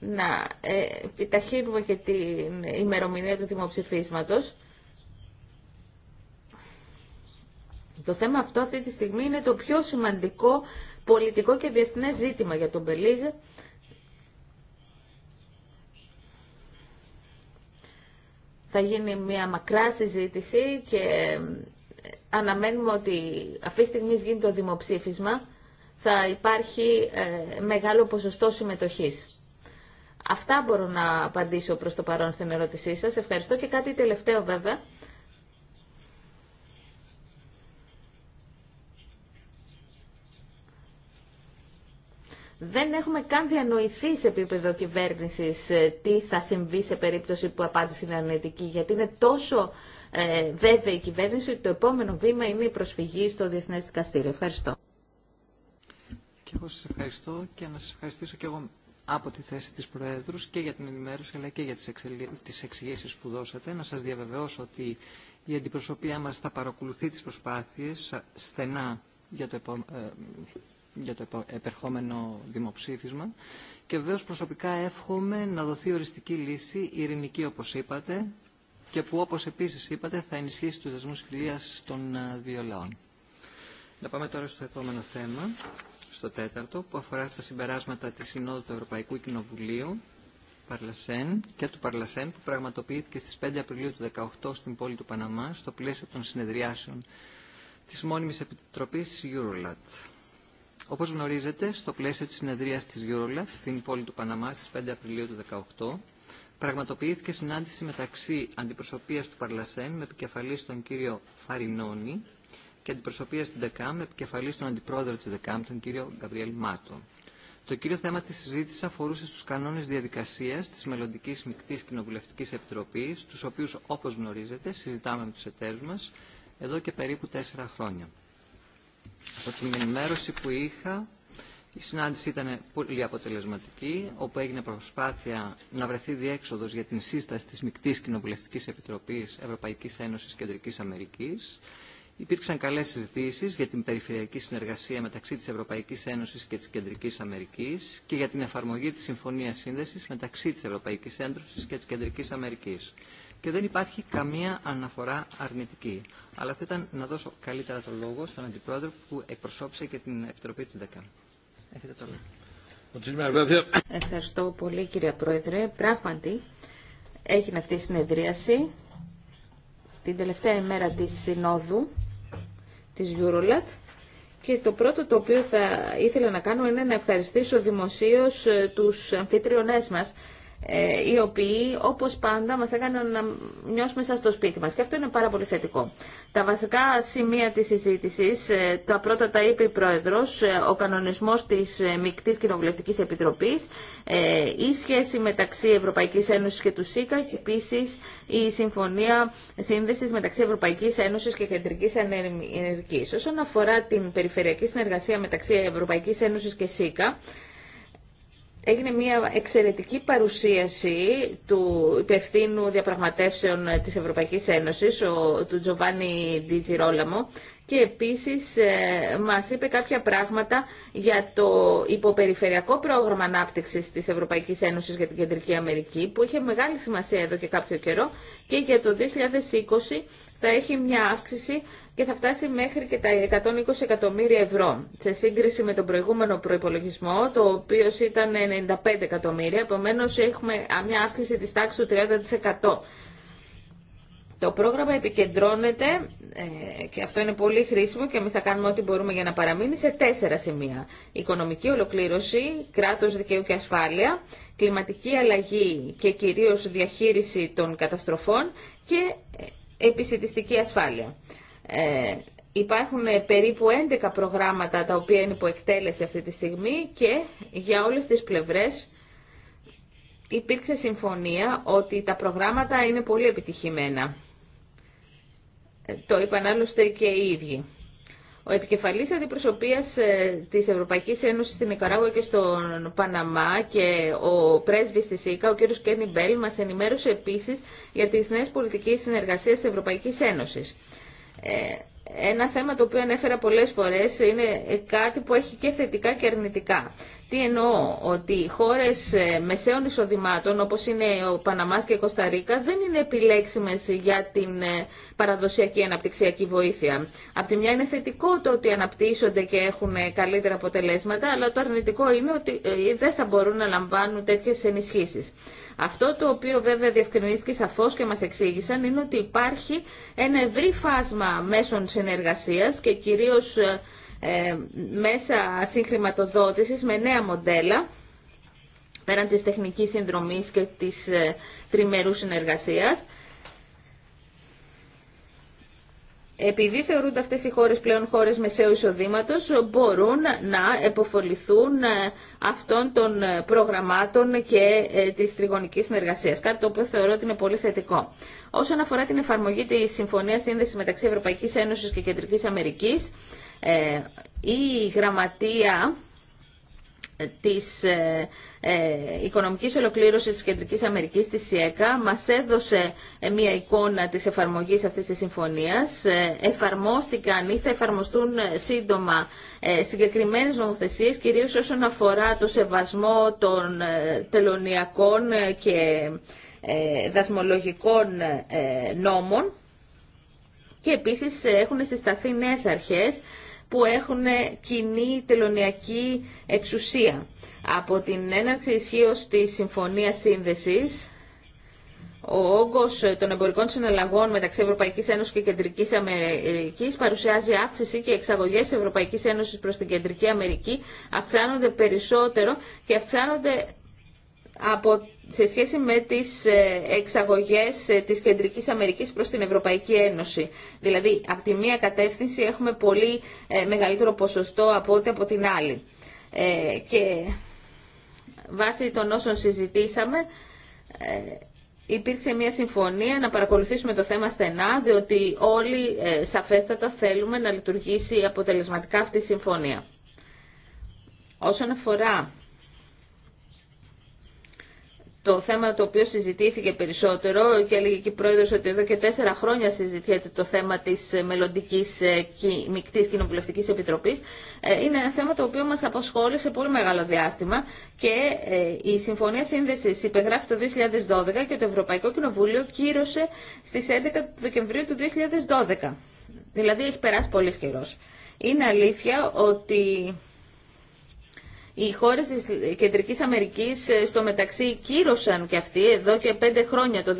να ε, επιταχύνουμε και την ημερομηνία του δημοψηφίσματος. Το θέμα αυτό αυτή τη στιγμή είναι το πιο σημαντικό πολιτικό και διεθνές ζήτημα για τον Μπελίζε. Θα γίνει μια μακρά συζήτηση και αναμένουμε ότι αυτή τη στιγμή γίνει το δημοψήφισμα, θα υπάρχει ε, μεγάλο ποσοστό συμμετοχής. Αυτά μπορώ να απαντήσω προς το παρόν στην ερώτησή σας. Ευχαριστώ και κάτι τελευταίο βέβαια. Δεν έχουμε καν διανοηθεί σε επίπεδο κυβέρνηση ε, τι θα συμβεί σε περίπτωση που η απάντηση είναι αρνητική, γιατί είναι τόσο ε, βέβαια η κυβέρνηση ότι το επόμενο βήμα είναι η προσφυγή στο Διεθνές Δικαστήριο. Ευχαριστώ. Και εγώ σας ευχαριστώ και να σας ευχαριστήσω και εγώ από τη θέση της Πρόεδρου και για την ενημέρωση αλλά και για τις, εξελι... εξηγήσεις που δώσατε. Να σας διαβεβαιώσω ότι η αντιπροσωπεία μας θα παρακολουθεί τις προσπάθειες στενά για το, ε, επερχόμενο δημοψήφισμα και βεβαίως προσωπικά εύχομαι να δοθεί οριστική λύση, ειρηνική όπως είπατε, και που όπως επίσης είπατε θα ενισχύσει τους δεσμούς φιλίας των ε, δύο λαών. Να πάμε τώρα στο επόμενο θέμα, στο τέταρτο, που αφορά στα συμπεράσματα της Συνόδου του Ευρωπαϊκού Κοινοβουλίου Παρλασέν και του Παρλασέν που πραγματοποιήθηκε στις 5 Απριλίου του 2018 στην πόλη του Παναμά στο πλαίσιο των συνεδριάσεων της μόνιμης επιτροπής Eurolat. Όπως γνωρίζετε, στο πλαίσιο της συνεδρίας της Eurolat στην πόλη του Παναμά στις 5 Απριλίου του 2018 πραγματοποιήθηκε συνάντηση μεταξύ αντιπροσωπείας του Παρλασέν με επικεφαλή στον κύριο Φαρινόνη και αντιπροσωπείας στην ΔΕΚΑΜ με επικεφαλή στον αντιπρόεδρο της ΔΕΚΑΜ, τον κύριο Γκαβριέλ Μάτο. Το κύριο θέμα της συζήτησης αφορούσε στους κανόνες διαδικασίας της μελλοντική Μικτής Κοινοβουλευτικής Επιτροπής, τους οποίους, όπως γνωρίζετε, συζητάμε με τους εταίρους μας εδώ και περίπου τέσσερα χρόνια. Από την ενημέρωση που είχα, η συνάντηση ήταν πολύ αποτελεσματική, όπου έγινε προσπάθεια να βρεθεί διέξοδος για την σύσταση της Μικτής Κοινοβουλευτικής Επιτροπής Ευρωπαϊκής Ένωσης Κεντρικής Αμερικής. Υπήρξαν καλές συζητήσεις για την περιφερειακή συνεργασία μεταξύ της Ευρωπαϊκής Ένωσης και της Κεντρικής Αμερικής και για την εφαρμογή της Συμφωνίας Σύνδεσης μεταξύ της Ευρωπαϊκής Ένωσης και της Κεντρικής Αμερικής. Και δεν υπάρχει καμία αναφορά αρνητική. Αλλά θα ήταν να δώσω καλύτερα το λόγο στον Αντιπρόεδρο που εκπροσώπησε και την Επιτροπή της ΔΕΚΑ. Ευχαριστώ πολύ κύριε Πρόεδρε. Πράγματι έγινε αυτή η συνεδρίαση την τελευταία ημέρα της συνόδου της Eurolat και το πρώτο το οποίο θα ήθελα να κάνω είναι να ευχαριστήσω δημοσίως ε, τους αμφιτριονές μας ε, οι οποίοι όπως πάντα μας έκαναν να νιώσουμε σαν στο σπίτι μας και αυτό είναι πάρα πολύ θετικό. Τα βασικά σημεία της συζήτησης, ε, τα πρώτα τα είπε η Πρόεδρος, ε, ο κανονισμός της Μικτής Κοινοβουλευτικής Επιτροπής, η σχέση μεταξύ Ευρωπαϊκής Ένωσης και του ΣΥΚΑ και επίσης η Συμφωνία Σύνδεσης μεταξύ Ευρωπαϊκής Ένωσης και Κεντρικής Ενεργικής. Όσον αφορά την περιφερειακή συνεργασία μεταξύ Ευρωπαϊκής Ένωσης και ΣΥΚΑ, Έγινε μια εξαιρετική παρουσίαση του υπευθύνου διαπραγματεύσεων της Ευρωπαϊκής Ένωσης, ο, του Τζοβάνι Ντιτζιρόλαμο, και επίσης ε, μας είπε κάποια πράγματα για το υποπεριφερειακό πρόγραμμα ανάπτυξης της Ευρωπαϊκής Ένωσης για την Κεντρική Αμερική, που είχε μεγάλη σημασία εδώ και κάποιο καιρό, και για το 2020 θα έχει μια αύξηση και θα φτάσει μέχρι και τα 120 εκατομμύρια ευρώ σε σύγκριση με τον προηγούμενο προϋπολογισμό, το οποίο ήταν 95 εκατομμύρια, επομένω έχουμε μια αύξηση της τάξης του 30%. Το πρόγραμμα επικεντρώνεται, ε, και αυτό είναι πολύ χρήσιμο και εμεί θα κάνουμε ό,τι μπορούμε για να παραμείνει, σε τέσσερα σημεία. Οικονομική ολοκλήρωση, κράτος δικαίου και ασφάλεια, κλιματική αλλαγή και κυρίως διαχείριση των καταστροφών και ε, επισητιστική ασφάλεια. Ε, υπάρχουν ε, περίπου 11 προγράμματα τα οποία είναι υπό εκτέλεση αυτή τη στιγμή και για όλες τις πλευρές υπήρξε συμφωνία ότι τα προγράμματα είναι πολύ επιτυχημένα. Ε, το είπαν άλλωστε και οι ίδιοι. Ο επικεφαλής αντιπροσωπείας της Ευρωπαϊκής Ένωσης στην Ικαράγουα και στον Παναμά και ο πρέσβης της ΕΚΑ, ο κ. Κένι Μπέλ, μας ενημέρωσε επίσης για τις νέες πολιτικές συνεργασίες της Ευρωπαϊκής Ένωσης. Ε, ένα θέμα το οποίο ανέφερα πολλές φορές είναι κάτι που έχει και θετικά και αρνητικά. Τι εννοώ, ότι οι χώρες ε, μεσαίων εισοδημάτων όπως είναι ο Παναμάς και η Κωνσταντίνα δεν είναι επιλέξιμες για την ε, παραδοσιακή αναπτυξιακή βοήθεια. Απ' τη μια είναι θετικό το ότι αναπτύσσονται και έχουν ε, καλύτερα αποτελέσματα, αλλά το αρνητικό είναι ότι δεν θα μπορούν να λαμβάνουν τέτοιες ενισχύσεις. Αυτό το οποίο βέβαια διευκρινίστηκε σαφώ και μα εξήγησαν είναι ότι υπάρχει ένα ευρύ φάσμα μέσων συνεργασία και κυρίω ε, μέσα συγχρηματοδότησης με νέα μοντέλα πέραν της τεχνικής συνδρομής και της ε, τριμερού συνεργασίας. Επειδή θεωρούνται αυτές οι χώρες πλέον χώρες μεσαίου εισοδήματο, μπορούν να εποφοληθούν ε, αυτών των προγραμμάτων και της τριγωνικής συνεργασίας, κάτι το οποίο θεωρώ ότι είναι πολύ θετικό. Όσον αφορά την εφαρμογή της Συμφωνίας Σύνδεσης μεταξύ Ευρωπαϊκής Ένωσης και Κεντρικής Αμερικής, ε, η γραμματεία της ε, ε, οικονομικής ολοκλήρωσης της Κεντρικής Αμερικής της ΣΥΕΚΑ μας έδωσε ε, μια εικόνα της εφαρμογής αυτής της συμφωνίας. Ε, εφαρμόστηκαν ή θα εφαρμοστούν σύντομα συγκεκριμένες νομοθεσίες, κυρίως όσον αφορά το σεβασμό των τελωνιακών και δασμολογικών νόμων και επίσης έχουν συσταθεί νέες αρχές που έχουν κοινή τελωνιακή εξουσία. Από την έναρξη ισχύω τη συμφωνία Σύνδεσης, ο όγκο των εμπορικών συναλλαγών μεταξύ Ευρωπαϊκής Ένωσης και Κεντρικής Αμερικής παρουσιάζει αύξηση και οι εξαγωγές Ευρωπαϊκής Ένωσης προς την Κεντρική Αμερική αυξάνονται περισσότερο και αυξάνονται από σε σχέση με τις ε, εξαγωγές ε, της Κεντρικής Αμερικής προς την Ευρωπαϊκή Ένωση. Δηλαδή, από τη μία κατεύθυνση έχουμε πολύ ε, μεγαλύτερο ποσοστό από ό,τι από την άλλη. Και βάσει των όσων συζητήσαμε, υπήρξε μια συμφωνία να παρακολουθήσουμε το θέμα στενά, διότι όλοι σαφέστατα θέλουμε να λειτουργήσει αποτελεσματικά αυτή η συμφωνία. Όσον αφορά το θέμα το οποίο συζητήθηκε περισσότερο και έλεγε και η Πρόεδρος ότι εδώ και τέσσερα χρόνια συζητιέται το θέμα της μελλοντικής ε, μικτής κοινοβουλευτικής επιτροπής. Ε, είναι ένα θέμα το οποίο μας απασχόλησε πολύ μεγάλο διάστημα και ε, η Συμφωνία Σύνδεσης υπεγράφει το 2012 και το Ευρωπαϊκό Κοινοβούλιο κύρωσε στις 11 Δεκεμβρίου του 2012. Δηλαδή έχει περάσει πολύ καιρό. Είναι αλήθεια ότι οι χώρε τη Κεντρική Αμερική ε, στο μεταξύ κύρωσαν και αυτοί εδώ και πέντε χρόνια, το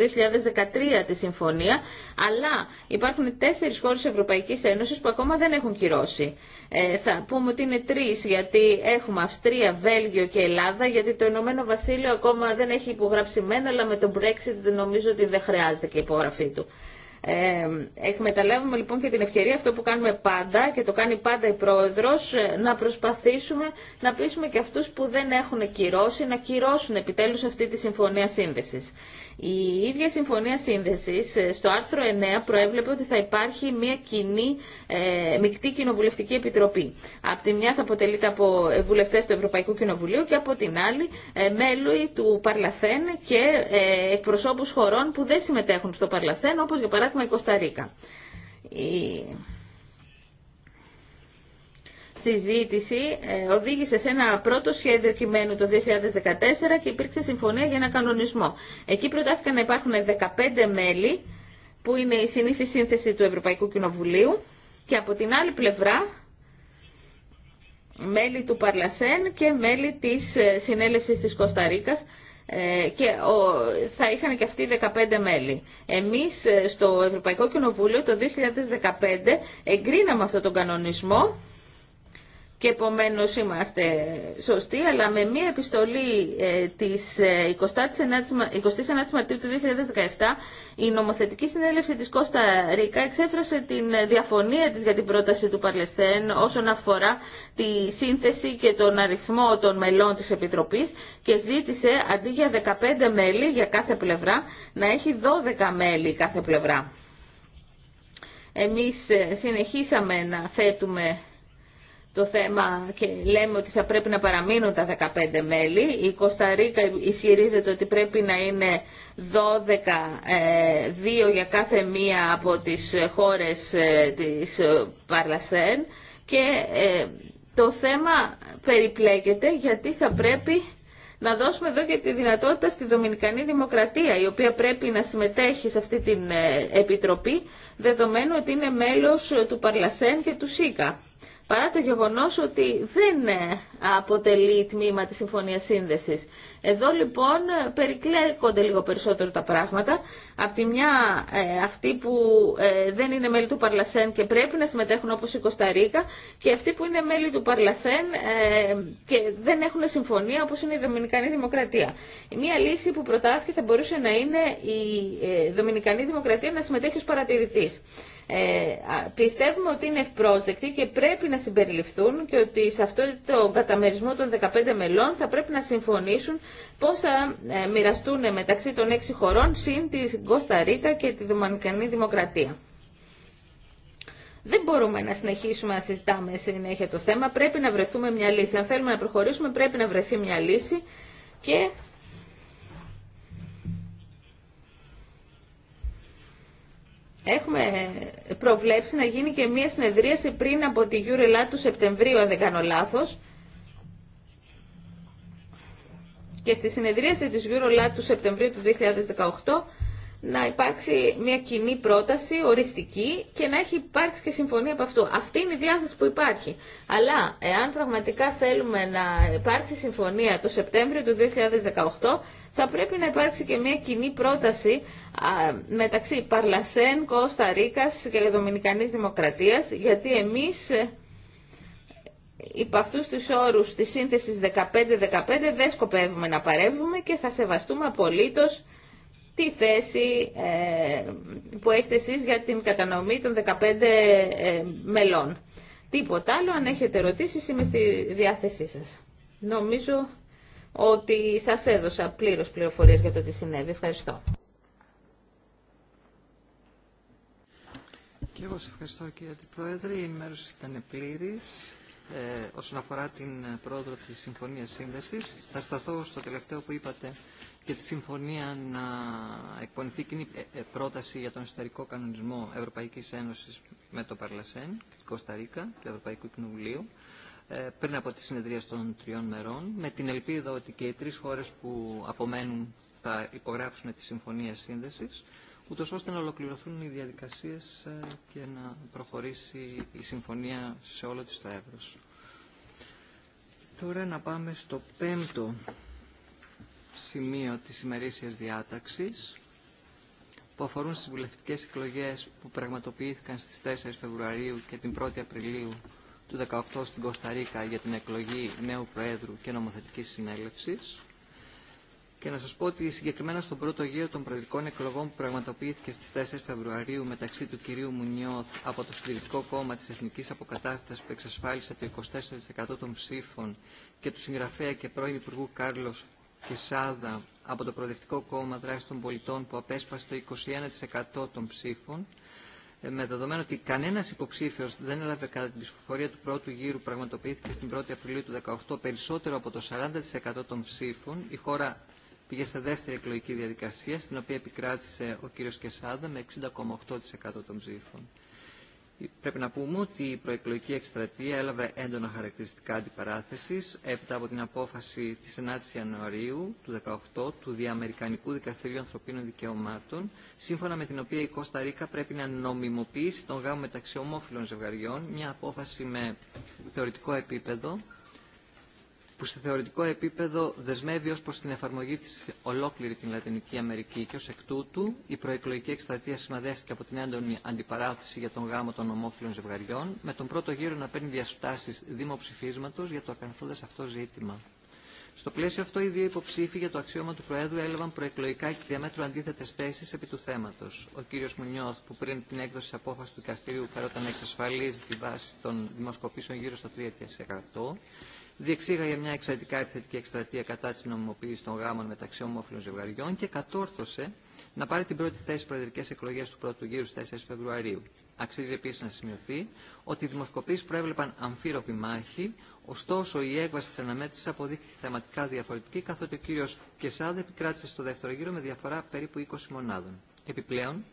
2013 τη συμφωνία, αλλά υπάρχουν τέσσερις χώρες Ευρωπαϊκή Ένωση που ακόμα δεν έχουν κυρώσει. Ε, θα πούμε ότι είναι τρει, γιατί έχουμε Αυστρία, Βέλγιο και Ελλάδα, γιατί το Ηνωμένο Βασίλειο ακόμα δεν έχει υπογράψει μένα, αλλά με τον Brexit νομίζω ότι δεν χρειάζεται και υπογραφή του. Ε, εκμεταλλεύουμε λοιπόν και την ευκαιρία αυτό που κάνουμε πάντα και το κάνει πάντα η Πρόεδρος ε, να προσπαθήσουμε να πείσουμε και αυτούς που δεν έχουν κυρώσει να κυρώσουν επιτέλους αυτή τη Συμφωνία Σύνδεσης. Η ίδια Συμφωνία Σύνδεσης ε, στο άρθρο 9 προέβλεπε ότι θα υπάρχει μια κοινή ε, μεικτή κοινοβουλευτική επιτροπή. από τη μια θα αποτελείται από βουλευτές του Ευρωπαϊκού Κοινοβουλίου και από την άλλη ε, μέλη του Παρλαθέν και ε, εκπροσώπους χωρών που δεν συμμετέχουν στο Παρλαθέν όπως για παράδειγμα έχουμε η Κωνσταντίνα. Η συζήτηση ε, οδήγησε σε ένα πρώτο σχέδιο κειμένου το 2014 και υπήρξε συμφωνία για ένα κανονισμό. Εκεί προτάθηκαν να υπάρχουν 15 μέλη που είναι η συνήθι σύνθεση του Ευρωπαϊκού Κοινοβουλίου και από την άλλη πλευρά μέλη του Παρλασέν και μέλη της ε, συνέλευσης της Κωνσταντίνας ε, και θα είχαν και αυτοί 15 μέλη. Εμείς ε, στο Ευρωπαϊκό Κοινοβούλιο το 2015 εγκρίναμε αυτό τον κανονισμό και επομένω είμαστε σωστοί, αλλά με μία επιστολή ε, της 29 ε, 29 Μαρτίου του 2017 η νομοθετική συνέλευση της Κώστα Ρίκα εξέφρασε την διαφωνία της για την πρόταση του Παλαιστέν όσον αφορά τη σύνθεση και τον αριθμό των μελών της Επιτροπής και ζήτησε αντί για 15 μέλη για κάθε πλευρά να έχει 12 μέλη κάθε πλευρά. Εμείς ε, συνεχίσαμε να θέτουμε το θέμα και λέμε ότι θα πρέπει να παραμείνουν τα 15 μέλη. Η Κωνσταντίνα ισχυρίζεται ότι πρέπει να είναι 12, 12-2 ε, για κάθε μία από τις χώρες ε, της ε, Παρλασέν και το θέμα περιπλέκεται γιατί θα πρέπει να δώσουμε εδώ και τη δυνατότητα στη Δομινικανή Δημοκρατία, η οποία πρέπει να συμμετέχει σε αυτή την επιτροπή, δεδομένου ότι είναι μέλος του Παρλασέν και του ΣΥΚΑ παρά το γεγονός ότι δεν ε, αποτελεί τμήμα της Συμφωνίας Σύνδεσης. Εδώ λοιπόν περικλέκονται λίγο περισσότερο τα πράγματα. από τη μια ε, αυτοί που ε, δεν είναι μέλη του Παρλασέν και πρέπει να συμμετέχουν όπως η Κωνσταντίνα και αυτοί που είναι μέλη του Παρλασέν ε, και δεν έχουν συμφωνία όπως είναι η Δομινικανή Δημοκρατία. Μία λύση που προτάθηκε θα μπορούσε να είναι η Δομινικανή Δημοκρατία να συμμετέχει ως παρατηρητής. Ε, πιστεύουμε ότι είναι ευπρόσδεκτοι και πρέπει να συμπεριληφθούν και ότι σε αυτό το καταμερισμό των 15 μελών θα πρέπει να συμφωνήσουν πώς θα ε, μοιραστούν μεταξύ των έξι χωρών συν τη Ρίκα και τη Δομανικανή Δημοκρατία. Δεν μπορούμε να συνεχίσουμε να συζητάμε συνέχεια το θέμα. Πρέπει να βρεθούμε μια λύση. Αν θέλουμε να προχωρήσουμε πρέπει να βρεθεί μια λύση και Έχουμε προβλέψει να γίνει και μία συνεδρίαση πριν από τη Γιούρελά του Σεπτεμβρίου, αν δεν κάνω λάθος. Και στη συνεδρίαση της Eurolat του Σεπτεμβρίου του 2018 να υπάρξει μια κοινή πρόταση οριστική και να έχει υπάρξει και συμφωνία από αυτού. Αυτή είναι η διάθεση που υπάρχει. Αλλά εάν πραγματικά θέλουμε να υπάρξει συμφωνία το Σεπτέμβριο του 2018, θα πρέπει να υπάρξει και μια κοινή πρόταση μεταξύ Παρλασέν, Κώστα Ρίκας και Δομινικανής Δημοκρατίας, γιατί εμείς ε, υπ' αυτού του όρου τη σύνθεση 15-15 δεν σκοπεύουμε να παρεύουμε και θα σεβαστούμε απολύτω τη θέση ε, που έχετε εσείς για την κατανομή των 15 ε, μελών. Τίποτα άλλο, αν έχετε ερωτήσεις είμαι στη διάθεσή σας. Νομίζω ότι σας έδωσα πλήρως πληροφορίες για το τι συνέβη. Ευχαριστώ. Και εγώ σας ευχαριστώ κύριε Αντιπρόεδρε. Η ενημέρωση ήταν πλήρης. Ε, όσον αφορά την πρόοδο της Συμφωνίας Σύνδεσης. Θα σταθώ στο τελευταίο που είπατε για τη Συμφωνία να εκπονηθεί κοινή ε, ε, πρόταση για τον ιστορικό κανονισμό Ευρωπαϊκής Ένωσης με το Παρλασέν, Κωνσταντίνα, του Ευρωπαϊκού Κοινοβουλίου πριν από τη συνεδρία των τριών μερών, με την ελπίδα ότι και οι τρεις χώρες που απομένουν θα υπογράψουν τη Συμφωνία Σύνδεσης ούτως ώστε να ολοκληρωθούν οι διαδικασίε ε, και να προχωρήσει η συμφωνία σε όλο τη το έβρο. Τώρα να πάμε στο πέμπτο σημείο της ημερήσιας διάταξης που αφορούν στις βουλευτικές εκλογές που πραγματοποιήθηκαν στις 4 Φεβρουαρίου και την 1η Απριλίου του 2018 στην Κωνσταντίνα για την εκλογή νέου Προέδρου και νομοθετικής συνέλευσης και να σας πω ότι συγκεκριμένα στον πρώτο γύρο των προεδρικών εκλογών που πραγματοποιήθηκε στις 4 Φεβρουαρίου μεταξύ του κυρίου Μουνιώθ από το Συντηρητικό Κόμμα της Εθνικής Αποκατάστασης που εξασφάλισε το 24% των ψήφων και του συγγραφέα και πρώην Υπουργού Κάρλος Κεσάδα από το Προοδευτικό Κόμμα Δράση των Πολιτών που απέσπασε το 21% των ψήφων, ε, με δεδομένο ότι κανένα υποψήφιο δεν έλαβε κατά την ψηφοφορία του πρώτου γύρου που πραγματοποιήθηκε στην 1η Απριλίου του 2018 περισσότερο από το 40% των ψήφων, η χώρα πήγε σε δεύτερη εκλογική διαδικασία, στην οποία επικράτησε ο κ. Κεσάδα με 60,8% των ψήφων. Πρέπει να πούμε ότι η προεκλογική εκστρατεία έλαβε έντονα χαρακτηριστικά αντιπαράθεση έπειτα από την απόφαση τη 9η Ιανουαρίου του 2018 του Διαμερικανικού Δικαστηρίου Ανθρωπίνων Δικαιωμάτων, σύμφωνα με την οποία η Κώστα Ρίκα πρέπει να νομιμοποιήσει τον γάμο μεταξύ ομόφυλων ζευγαριών, μια απόφαση με θεωρητικό επίπεδο, που σε θεωρητικό επίπεδο δεσμεύει ω προ την εφαρμογή τη ολόκληρη την Λατινική Αμερική και ω εκ τούτου η προεκλογική εκστρατεία συμμαδέστηκε από την έντονη αντιπαράθεση για τον γάμο των ομόφυλων ζευγαριών, με τον πρώτο γύρο να παίρνει διαστάσει δημοψηφίσματο για το ακαθόδε αυτό ζήτημα. Στο πλαίσιο αυτό, οι δύο υποψήφοι για το αξίωμα του Προέδρου έλαβαν προεκλογικά και διαμέτρου αντίθετε θέσει επί του θέματο. Ο κ. Μουνιώθ, που πριν την έκδοση τη απόφαση του δικαστηρίου φερόταν να εξασφαλίζει τη βάση των δημοσκοπήσεων γύρω στο 3%, διεξήγαγε μια εξαιρετικά επιθετική εκστρατεία κατά τη νομιμοποίηση των γάμων μεταξύ ομόφυλων ζευγαριών και κατόρθωσε να πάρει την πρώτη θέση στι προεδρικέ εκλογέ του πρώτου γύρου στι 4 Φεβρουαρίου. Αξίζει επίση να σημειωθεί ότι οι δημοσκοπήσει προέβλεπαν αμφίροπη μάχη, ωστόσο η έκβαση τη αναμέτρηση αποδείχθηκε θεματικά διαφορετική, καθότι ο κύριο Κεσάδε επικράτησε στο δεύτερο γύρο με διαφορά περίπου 20 μονάδων. Επιπλέον,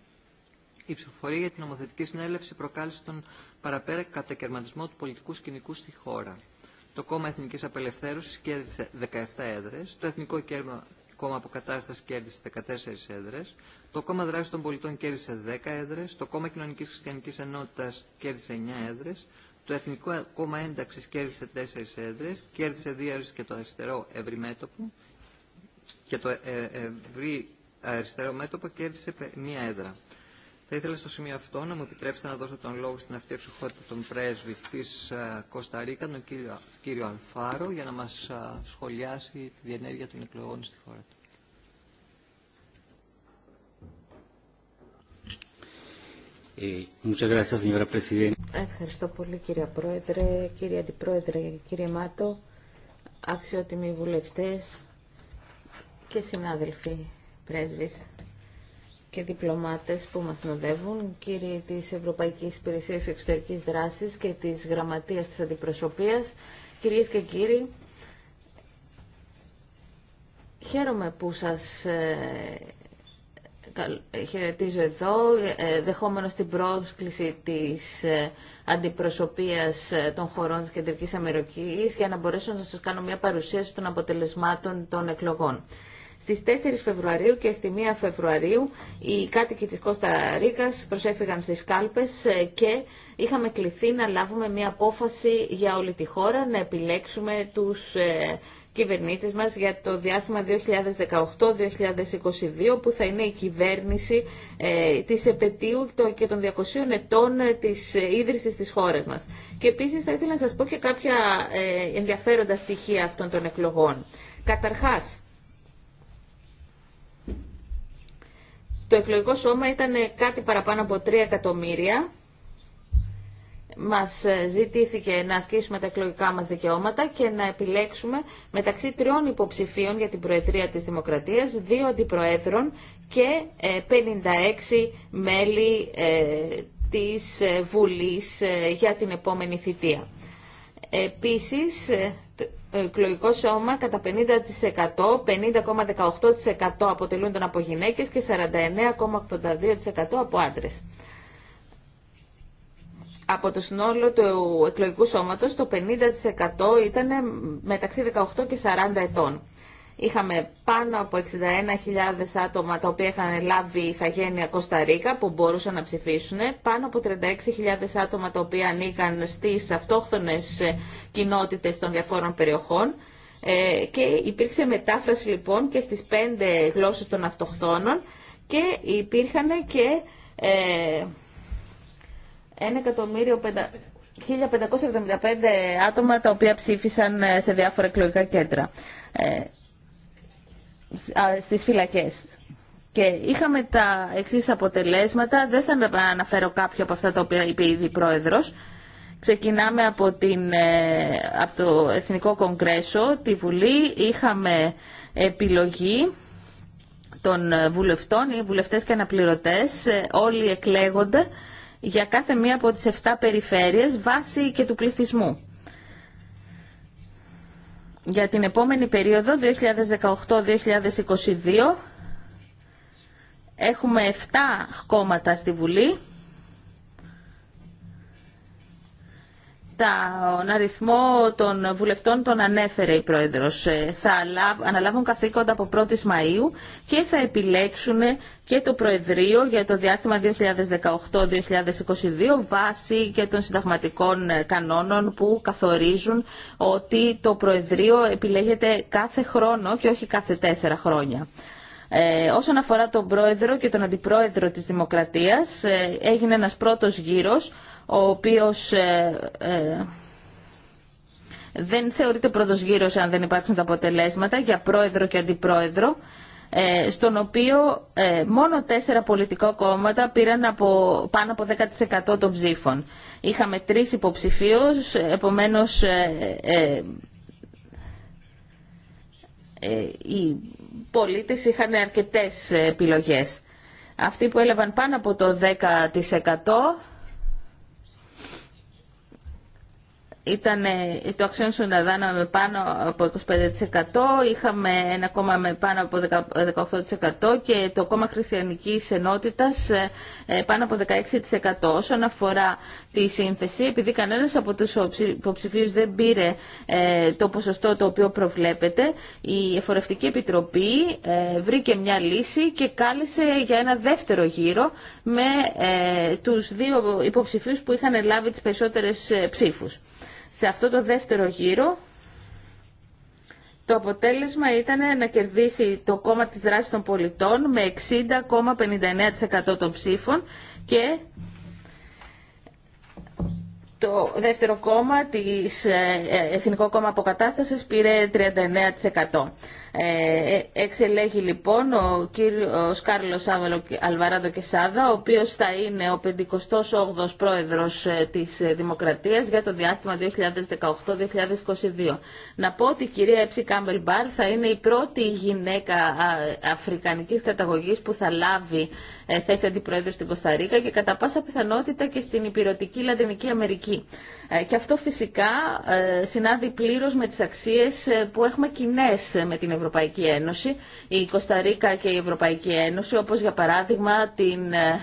η ψηφοφορία για την νομοθετική συνέλευση προκάλεσε τον παραπέρα κατακαιρματισμό του πολιτικού σκηνικού στη χώρα το Κόμμα Εθνικής Απελευθέρωσης κέρδισε 17 έδρες, το Εθνικό Κόμμα αποκατάσταση κέρδισε 14 έδρες, το Κόμμα δράση των Πολιτών κέρδισε 10 έδρες, το Κόμμα κοινωνική χριστιανική ενότητα κέρδισε 9 έδρες, το Εθνικό Κόμμα ένταξη κέρδισε 4 έδρες, κέρδισε 2 έδρες και το αριστερό ευρύ μέτωπο και το ε, ε, ευρύ αριστερό μέτωπο κέρδισε 1 έδρα. Θα ήθελα στο σημείο αυτό να μου επιτρέψετε να δώσω τον λόγο στην αυτή εξοχότητα των πρέσβη της ε, Κωνσταντίνα, τον κύριο, κύριο Αλφάρο, για να μας ε, σχολιάσει τη διενέργεια των εκλογών στη χώρα του. Ε, Ευχαριστώ πολύ κύριε Πρόεδρε, κύριε Αντιπρόεδρε, κύριε Μάτο, αξιότιμοι βουλευτές και συνάδελφοι πρέσβης και διπλωμάτες που μας συνοδεύουν, κύριοι της Ευρωπαϊκής Υπηρεσίας Εξωτερικής Δράσης και της Γραμματείας της Αντιπροσωπείας, κυρίες και κύριοι, χαίρομαι που σας ε, χαιρετίζω εδώ, ε, δεχόμενος την πρόσκληση της ε, αντιπροσωπείας των χωρών της Κεντρικής Αμερικής για να μπορέσω να σας κάνω μια παρουσίαση των αποτελεσμάτων των εκλογών. Στις 4 Φεβρουαρίου και στη 1 Φεβρουαρίου οι κάτοικοι της Κώστα Ρίκας προσέφηγαν στις κάλπες ε, και είχαμε κληθεί να λάβουμε μια απόφαση για όλη τη χώρα, να επιλέξουμε τους ε, κυβερνήτες μας για το διάστημα 2018-2022 που θα είναι η κυβέρνηση ε, της επαιτίου και των 200 ετών ε, της ίδρυσης της χώρας μας. Και επίσης θα ήθελα να σας πω και κάποια ενδιαφέροντα στοιχεία αυτών των εκλογών. Καταρχάς, Το εκλογικό σώμα ήταν κάτι παραπάνω από 3 εκατομμύρια. Μας ε, ζητήθηκε να ασκήσουμε τα εκλογικά μας δικαιώματα και να επιλέξουμε μεταξύ τριών υποψηφίων για την Προεδρία της Δημοκρατίας, δύο αντιπροέδρων και 56 ε, μέλη ε, της Βουλής για την επόμενη θητεία. Επίσης, εκλογικό σώμα κατά 50%, 50,18% αποτελούνταν από γυναίκες και 49,82% από άντρες. Από το συνόλο του εκλογικού σώματος το 50% ήταν μεταξύ 18 και 40 ετών. Είχαμε πάνω από 61.000 άτομα τα οποία είχαν λάβει ηθαγένεια Κωνσταντίνα που μπορούσαν να ψηφίσουν, πάνω από 36.000 άτομα τα οποία ανήκαν στις αυτόχθονες ε, κοινότητες των διαφόρων περιοχών ε, και υπήρξε μετάφραση λοιπόν και στις πέντε γλώσσες των αυτοχθόνων και υπήρχαν και ε, 1.575 άτομα τα οποία ψήφισαν ε, σε διάφορα εκλογικά κέντρα στις φυλακές. Και είχαμε τα εξή αποτελέσματα, δεν θα αναφέρω κάποιο από αυτά τα οποία είπε ήδη η Πρόεδρος. Ξεκινάμε από, την, ε, από το Εθνικό Κογκρέσο, τη Βουλή, είχαμε επιλογή των βουλευτών, οι βουλευτές και αναπληρωτές, ε, όλοι εκλέγονται για κάθε μία από τις 7 περιφέρειες βάσει και του πληθυσμού για την επόμενη περίοδο 2018-2022 έχουμε 7 κόμματα στη Βουλή τον αριθμό των βουλευτών τον ανέφερε η Πρόεδρος. Ε, θα αναλάβουν καθήκοντα από 1η Μαΐου και θα επιλέξουν και το Προεδρείο για το διάστημα 2018-2022 βάσει και των συνταγματικών ε, κανόνων που καθορίζουν ότι το Προεδρείο επιλέγεται κάθε χρόνο και όχι κάθε τέσσερα χρόνια. Ε, όσον αφορά τον Πρόεδρο και τον Αντιπρόεδρο της Δημοκρατίας, έγινε ένας πρώτος γύρος ο οποίος ε, ε, δεν θεωρείται πρώτος γύρος αν δεν υπάρχουν τα αποτελέσματα για πρόεδρο και αντιπρόεδρο ε, στον οποίο ε, μόνο τέσσερα πολιτικά κόμματα πήραν από, πάνω από 10% των ψήφων. Είχαμε τρεις υποψηφίους, επομένως οι πολίτες είχαν αρκετές επιλογές. Αυτοί που έλαβαν πάνω από το 10% ήταν το αξιόν σου να δάναμε με πάνω από 25%, είχαμε ένα κόμμα με πάνω από 18% και το κόμμα χριστιανικής ενότητας ε, ε, πάνω από 16%. Όσον αφορά τη σύνθεση, επειδή κανένας από τους υποψηφίου δεν πήρε ε, το ποσοστό το οποίο προβλέπεται, η Εφορευτική Επιτροπή βρήκε μια λύση και κάλεσε για ένα δεύτερο γύρο με τους δύο υποψηφίους που είχαν λάβει τις περισσότερες ψήφους. Σε αυτό το δεύτερο γύρο το αποτέλεσμα ήταν να κερδίσει το κόμμα της δράσης των πολιτών με 60,59% των ψήφων και το δεύτερο κόμμα, της ε, ε, Εθνικό Κόμμα Αποκατάστασης, πήρε 39%. Ε, ε, εξελέγει λοιπόν ο κύριος Κάρλος Αλβαράδο Κεσάδα, ο οποίος θα είναι ο 58ος πρόεδρος ε, της Δημοκρατίας για το διάστημα 2018-2022. Να πω ότι η κυρία Εψή Κάμπελ Μπάρ θα είναι η πρώτη γυναίκα αφρικανικής καταγωγής που θα λάβει θέση αντιπρόεδρου στην Κωνσταντίνα και κατά πάσα πιθανότητα και στην υπηρετική Λατινική Αμερική. Και αυτό φυσικά συνάδει πλήρως με τις αξίες που έχουμε κοινέ με την Ευρωπαϊκή Ευρωπαϊκή Ένωση. Η Κωνσταντίνα και η Ευρωπαϊκή Ένωση, όπως για παράδειγμα την ε,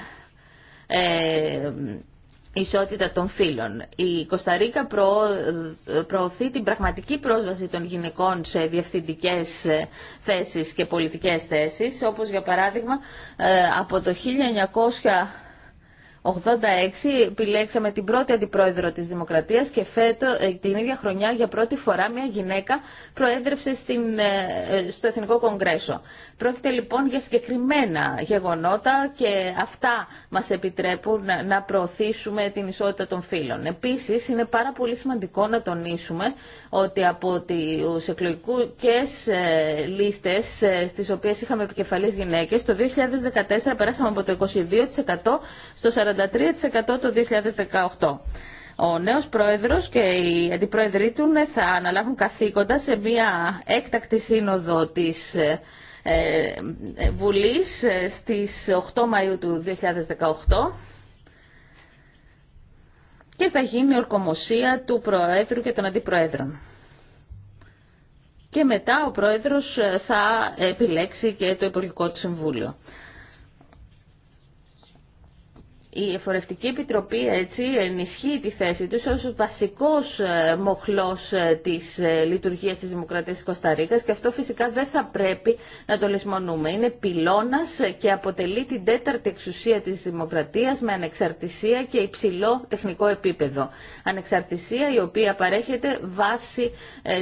ε ισότητα των φύλων. Η Κωνσταντίνα προωθεί την πραγματική πρόσβαση των γυναικών σε διευθυντικές ε, θέσεις και πολιτικές θέσεις, όπως για παράδειγμα ε, από το 1900 86 επιλέξαμε την πρώτη αντιπρόεδρο της Δημοκρατίας και φέτο, ε, την ίδια χρονιά για πρώτη φορά μια γυναίκα προέδρευσε ε, στο Εθνικό Κογκρέσο. Πρόκειται λοιπόν για συγκεκριμένα γεγονότα και αυτά μας επιτρέπουν να προωθήσουμε την ισότητα των φύλων. Επίσης είναι πάρα πολύ σημαντικό να τονίσουμε ότι από τις εκλογικές ε, λίστες στις οποίες είχαμε επικεφαλής γυναίκες το 2014 περάσαμε από το 22% στο 43% το 2018. Ο νέος πρόεδρος και οι αντιπρόεδροι του ναι, θα αναλάβουν καθήκοντα σε μια έκτακτη σύνοδο της ε, ε, Βουλής ε, στις 8 Μαΐου του 2018 και θα γίνει ορκομοσία του Προέδρου και των Αντιπροέδρων. Και μετά ο Πρόεδρος θα επιλέξει και το Υπουργικό του Συμβούλιο. Η Εφορευτική Επιτροπή έτσι ενισχύει τη θέση του ως βασικός ε, μοχλός ε, της ε, λειτουργίας της Δημοκρατίας της Κωνσταντίνα και αυτό φυσικά δεν θα πρέπει να το λησμονούμε. Είναι πυλώνας και αποτελεί την τέταρτη εξουσία της Δημοκρατίας με ανεξαρτησία και υψηλό τεχνικό επίπεδο. Ανεξαρτησία η οποία παρέχεται βάσει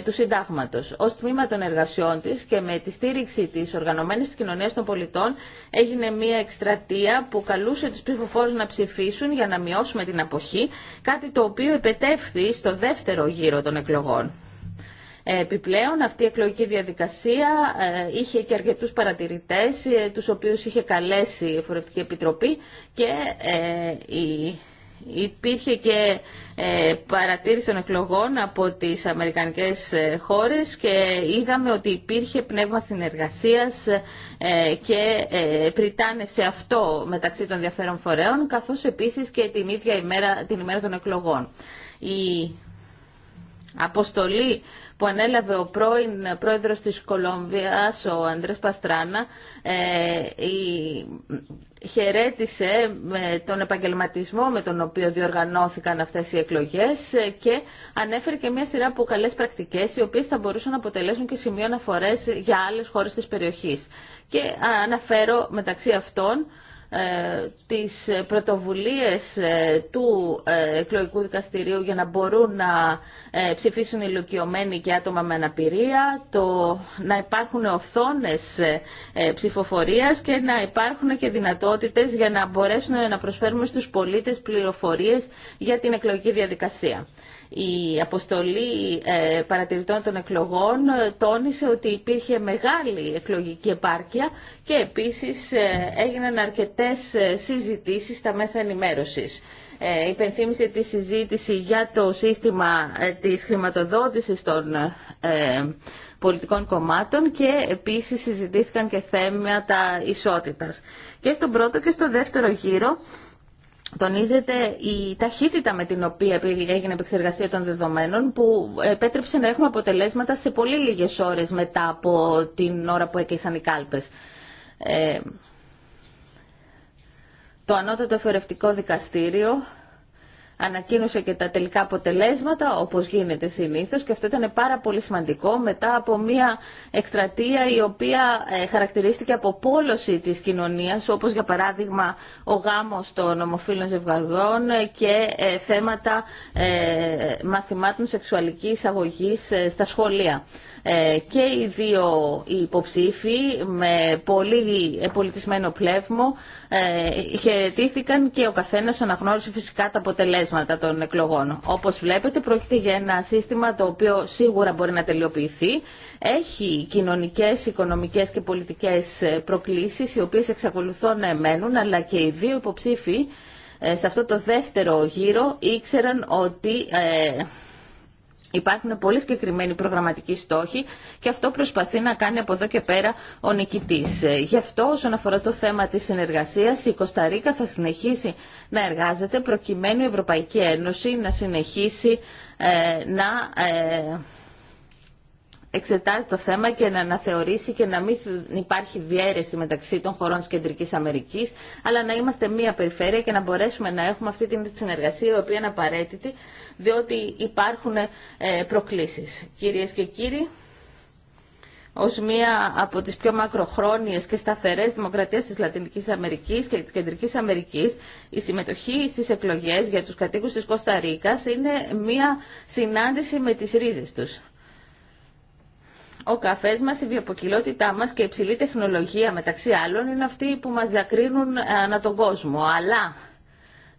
του συντάγματος. Ως τμήμα των εργασιών της και με τη στήριξη της οργανωμένης κοινωνίας των πολιτών έγινε μια εκστρατεία που καλούσε τους ψηφοφόρους να ψηφίσουν για να μειώσουμε την αποχή, κάτι το οποίο επετεύθη στο δεύτερο γύρο των εκλογών. Επιπλέον, αυτή η εκλογική διαδικασία ε, είχε και αρκετούς παρατηρητές, ε, τους οποίους είχε καλέσει η Εφορευτική Επιτροπή και ε, η Υπήρχε και ε, παρατήρηση των εκλογών από τις αμερικανικές ε, χώρες και είδαμε ότι υπήρχε πνεύμα συνεργασίας ε, και πριτάνευσε αυτό μεταξύ των διαφέρων φορέων καθώς επίσης και την ίδια ημέρα, την ημέρα των εκλογών. Η αποστολή που ανέλαβε ο πρώην πρόεδρος της Κολομβίας, ο Αντρές Παστράνα, ε, χαιρέτησε με τον επαγγελματισμό με τον οποίο διοργανώθηκαν αυτές οι εκλογές ε, και ανέφερε και μια σειρά από καλές πρακτικές οι οποίες θα μπορούσαν να αποτελέσουν και σημείο αναφορές για άλλες χώρες της περιοχής. Και αναφέρω μεταξύ αυτών ε, τις πρωτοβουλίες ε, του ε, εκλογικού δικαστηρίου για να μπορούν να ψηφίσουν ηλικιωμένοι και άτομα με αναπηρία, το να υπάρχουν οθόνες ψηφοφορίας και να υπάρχουν και δυνατότητες για να μπορέσουν να προσφέρουμε στους πολίτες πληροφορίες για την εκλογική διαδικασία. Η αποστολή ε, παρατηρητών των εκλογών ε, τόνισε ότι υπήρχε μεγάλη εκλογική επάρκεια και επίσης ε, έγιναν αρκετές συζητήσεις στα μέσα ενημέρωσης. Ε, υπενθύμησε τη συζήτηση για το σύστημα της χρηματοδότησης των πολιτικών κομμάτων και επίσης συζητήθηκαν και θέματα ισότητας. Και στον πρώτο και στο δεύτερο γύρο Τονίζεται η ταχύτητα με την οποία έγινε επεξεργασία των δεδομένων που επέτρεψε να έχουμε αποτελέσματα σε πολύ λίγες ώρες μετά από την ώρα που έκλεισαν οι κάλπες. Ε, το ανώτατο εφερευτικό δικαστήριο ανακοίνωσε και τα τελικά αποτελέσματα, όπως γίνεται συνήθως, και αυτό ήταν πάρα πολύ σημαντικό μετά από μια εκστρατεία η οποία ε, χαρακτηρίστηκε από πόλωση της κοινωνίας, όπως για παράδειγμα ο γάμος των ομοφύλων ζευγαριών ε, και ε, θέματα μαθημάτων σεξουαλικής αγωγής στα σχολεία. Ε, και οι δύο υποψήφοι με πολύ πολιτισμένο πλεύμο ε, χαιρετήθηκαν και ο καθένας αναγνώρισε φυσικά τα αποτελέσματα των εκλογών. Όπως βλέπετε πρόκειται για ένα σύστημα το οποίο σίγουρα μπορεί να τελειοποιηθεί. Έχει κοινωνικές, οικονομικές και πολιτικές προκλήσεις οι οποίες εξακολουθούν να εμένουν αλλά και οι δύο υποψήφοι ε, σε αυτό το δεύτερο γύρο ήξεραν ότι Υπάρχουν πολύ συγκεκριμένοι προγραμματικοί στόχοι και αυτό προσπαθεί να κάνει από εδώ και πέρα ο νικητή. Γι' αυτό όσον αφορά το θέμα της συνεργασίας, η Κωνσταντίνα θα συνεχίσει να εργάζεται προκειμένου η Ευρωπαϊκή Ένωση να συνεχίσει ε, να... Ε, εξετάζει το θέμα και να αναθεωρήσει και να μην υπάρχει διαίρεση μεταξύ των χωρών της Κεντρικής Αμερικής, αλλά να είμαστε μία περιφέρεια και να μπορέσουμε να έχουμε αυτή την συνεργασία, η οποία είναι απαραίτητη, διότι υπάρχουν ε, προκλήσεις. Κυρίες και κύριοι, ως μία από τις πιο μακροχρόνιες και σταθερές δημοκρατίες της Λατινικής Αμερικής και της Κεντρικής Αμερικής, η συμμετοχή στις εκλογές για τους κατοίκους της Κωνσταντίνας είναι μία συνάντηση με τις ρίζες τους ο καφές μας, η βιοποκυλότητά μα και η υψηλή τεχνολογία μεταξύ άλλων είναι αυτοί που μας διακρίνουν ε, ανά τον κόσμο. Αλλά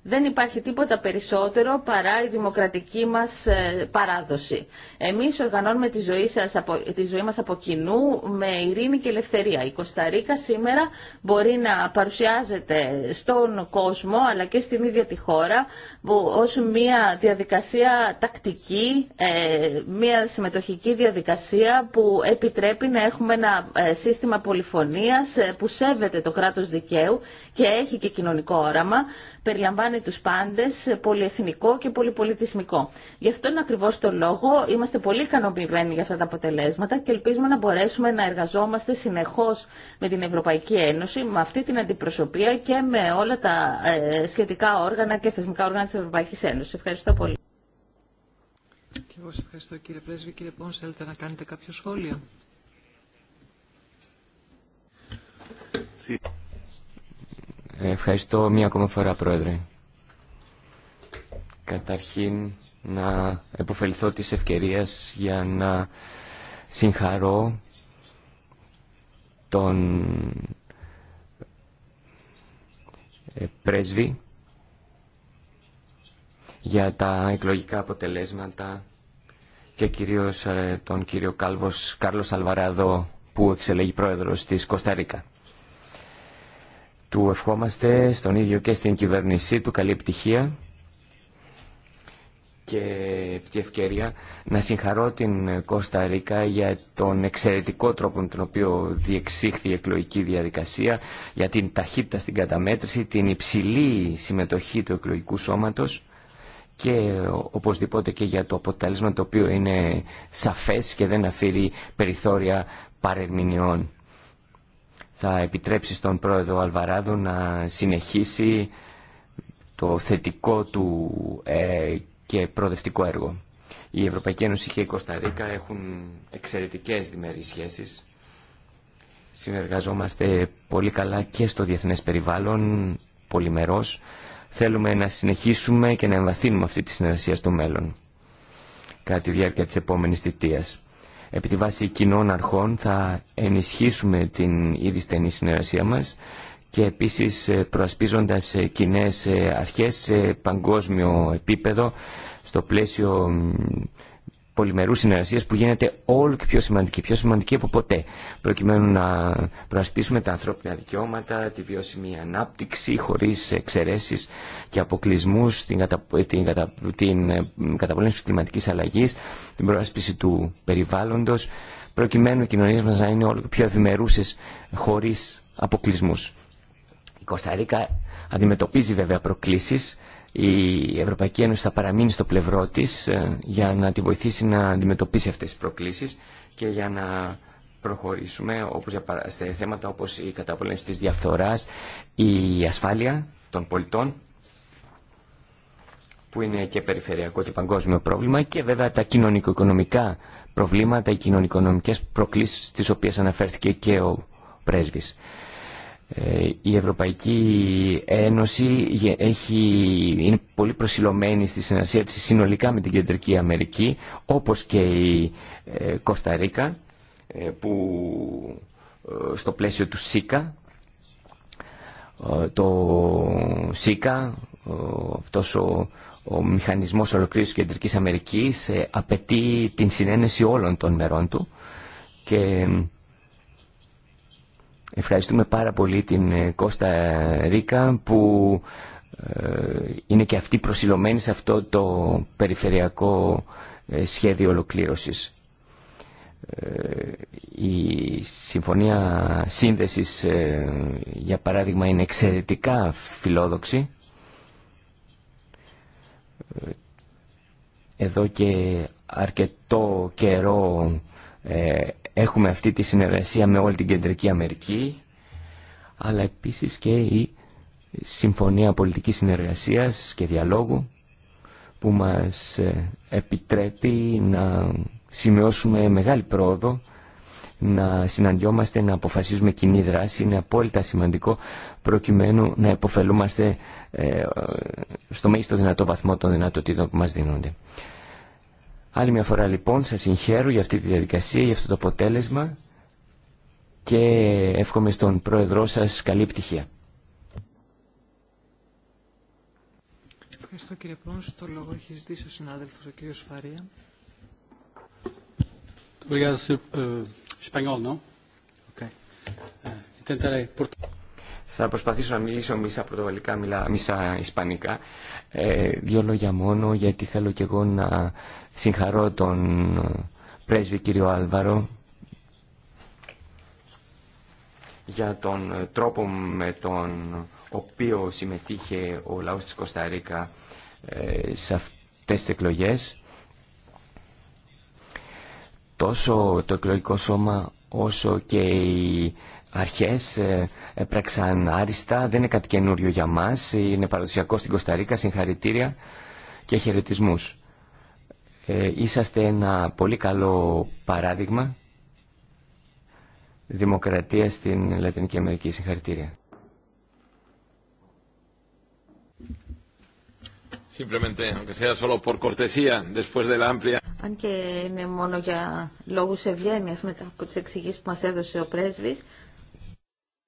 δεν υπάρχει τίποτα περισσότερο παρά η δημοκρατική μας ε, παράδοση. Εμείς οργανώνουμε τη ζωή, σας, τη ζωή μας από κοινού με ειρήνη και ελευθερία. Η Κωνσταντίνα σήμερα μπορεί να παρουσιάζεται στον κόσμο αλλά και στην ίδια τη χώρα που ως μια διαδικασία τακτική, ε, μια συμμετοχική διαδικασία που επιτρέπει να έχουμε ένα ε, σύστημα πολυφωνίας που σέβεται το κράτος δικαίου και έχει και κοινωνικό όραμα, είναι τους πάντες πολυεθνικό και πολυπολιτισμικό. Γι' αυτό είναι ακριβώς το λόγο είμαστε πολύ ικανοποιημένοι για αυτά τα αποτελέσματα και ελπίζουμε να μπορέσουμε να εργαζόμαστε συνεχώς με την Ευρωπαϊκή Ένωση, με αυτή την αντιπροσωπεία και με όλα τα ε, σχετικά όργανα και θεσμικά όργανα της Ευρωπαϊκής Ένωσης. Ευχαριστώ πολύ. θέλετε να κάνετε κάποιο σχόλιο. Ευχαριστώ μία ακόμα φορά, Πρόεδρε καταρχήν να επωφεληθώ της ευκαιρίας για να συγχαρώ τον ε, πρέσβη για τα εκλογικά αποτελέσματα και κυρίως ε, τον κύριο Κάλβος Κάρλος Αλβαράδο που εξελέγει πρόεδρος της Κωνσταντίνα. Του ευχόμαστε στον ίδιο και στην κυβέρνησή του καλή επιτυχία και την ευκαιρία να συγχαρώ την Κώστα Ρίκα για τον εξαιρετικό τρόπο με τον οποίο διεξήχθη η εκλογική διαδικασία, για την ταχύτητα στην καταμέτρηση, την υψηλή συμμετοχή του εκλογικού σώματος και οπωσδήποτε και για το αποτέλεσμα το οποίο είναι σαφές και δεν αφήνει περιθώρια παρεμηνιών. Θα επιτρέψει στον πρόεδρο Αλβαράδου να συνεχίσει το θετικό του ε, και προοδευτικό έργο. Η Ευρωπαϊκή Ένωση και η Κωνσταντίνα έχουν εξαιρετικέ διμερεί σχέσει. Συνεργαζόμαστε πολύ καλά και στο διεθνέ περιβάλλον, πολυμερό. Θέλουμε να συνεχίσουμε και να εμβαθύνουμε αυτή τη συνεργασία στο μέλλον κατά τη διάρκεια τη επόμενη θητεία. Επί τη βάση κοινών αρχών θα ενισχύσουμε την ήδη στενή συνεργασία μας και επίσης ε, προασπίζοντας ε, κοινέ ε, αρχές σε παγκόσμιο επίπεδο στο πλαίσιο πολυμερού συνεργασίας που γίνεται όλο και πιο σημαντική, πιο σημαντική από ποτέ προκειμένου να προασπίσουμε τα ανθρώπινα δικαιώματα, τη βιώσιμη ανάπτυξη χωρίς εξαιρέσεις και αποκλεισμού την, κατα... την, κατα... την καταπολέμηση της κλιματικής αλλαγής, την προασπίση του περιβάλλοντος προκειμένου οι κοινωνίες μας να είναι όλο και πιο ευημερούσες χωρίς αποκλεισμού. Κωνσταντίνα αντιμετωπίζει βέβαια προκλήσεις. Η Ευρωπαϊκή Ένωση θα παραμείνει στο πλευρό της ε, για να τη βοηθήσει να αντιμετωπίσει αυτές τις προκλήσεις και για να προχωρήσουμε όπως σε θέματα όπως η καταπολέμηση της διαφθοράς, η ασφάλεια των πολιτών που είναι και περιφερειακό και παγκόσμιο πρόβλημα και βέβαια τα κοινωνικο-οικονομικά προβλήματα, οι κοινωνικο-οικονομικές προκλήσεις στις οποίες αναφέρθηκε και ο πρέσβης. Ε, η Ευρωπαϊκή Ένωση έχει, είναι πολύ προσιλωμένη στη συνεργασία της συνολικά με την Κεντρική Αμερική, όπως και η ε, Κωνσταντίνα, ε, που στο πλαίσιο του ΣΥΚΑ, το ΣΥΚΑ, αυτός ο, ο μηχανισμός ολοκλήρωσης Κεντρικής Αμερικής, απαιτεί την συνένεση όλων των μερών του και Ευχαριστούμε πάρα πολύ την ε, Κώστα Ρίκα που ε, είναι και αυτή προσιλωμένη σε αυτό το περιφερειακό ε, σχέδιο ολοκλήρωσης. Η συμφωνία σύνδεσης, για παράδειγμα, είναι εξαιρετικά φιλόδοξη. Εδώ και αρκετό καιρό Έχουμε αυτή τη συνεργασία με όλη την Κεντρική Αμερική, αλλά επίσης και η Συμφωνία Πολιτικής Συνεργασίας και Διαλόγου, που μας ε, επιτρέπει να σημειώσουμε μεγάλη πρόοδο, να συναντιόμαστε, να αποφασίζουμε κοινή δράση. Είναι απόλυτα σημαντικό προκειμένου να υποφελούμαστε ε, στο μέγιστο δυνατό βαθμό των δυνατοτήτων που μας δίνονται. Άλλη μια φορά λοιπόν σας συγχαίρω για αυτή τη διαδικασία, για αυτό το αποτέλεσμα και εύχομαι στον πρόεδρό σας καλή επιτυχία. Το λόγο έχει ζητήσει ο συνάδελφος ο θα προσπαθήσω να μιλήσω μισά πρωτοβαλικά, μισά ισπανικά. Ε, δύο λόγια μόνο, γιατί θέλω και εγώ να συγχαρώ τον πρέσβη κύριο Άλβαρο για τον τρόπο με τον οποίο συμμετείχε ο λαός της Κωνσταντίνα ε, σε αυτές τις εκλογές. Τόσο το εκλογικό σώμα όσο και η αρχές ε, έπραξαν άριστα, δεν είναι κάτι καινούριο για μας, είναι παραδοσιακό στην Κωνσταντίνα, συγχαρητήρια και χαιρετισμού. Ε, είσαστε ένα πολύ καλό παράδειγμα δημοκρατία στην Λατινική Αμερική. Συγχαρητήρια. Αν και είναι μόνο για λόγους ευγένειας μετά από τις εξηγήσεις που μας έδωσε ο πρέσβης,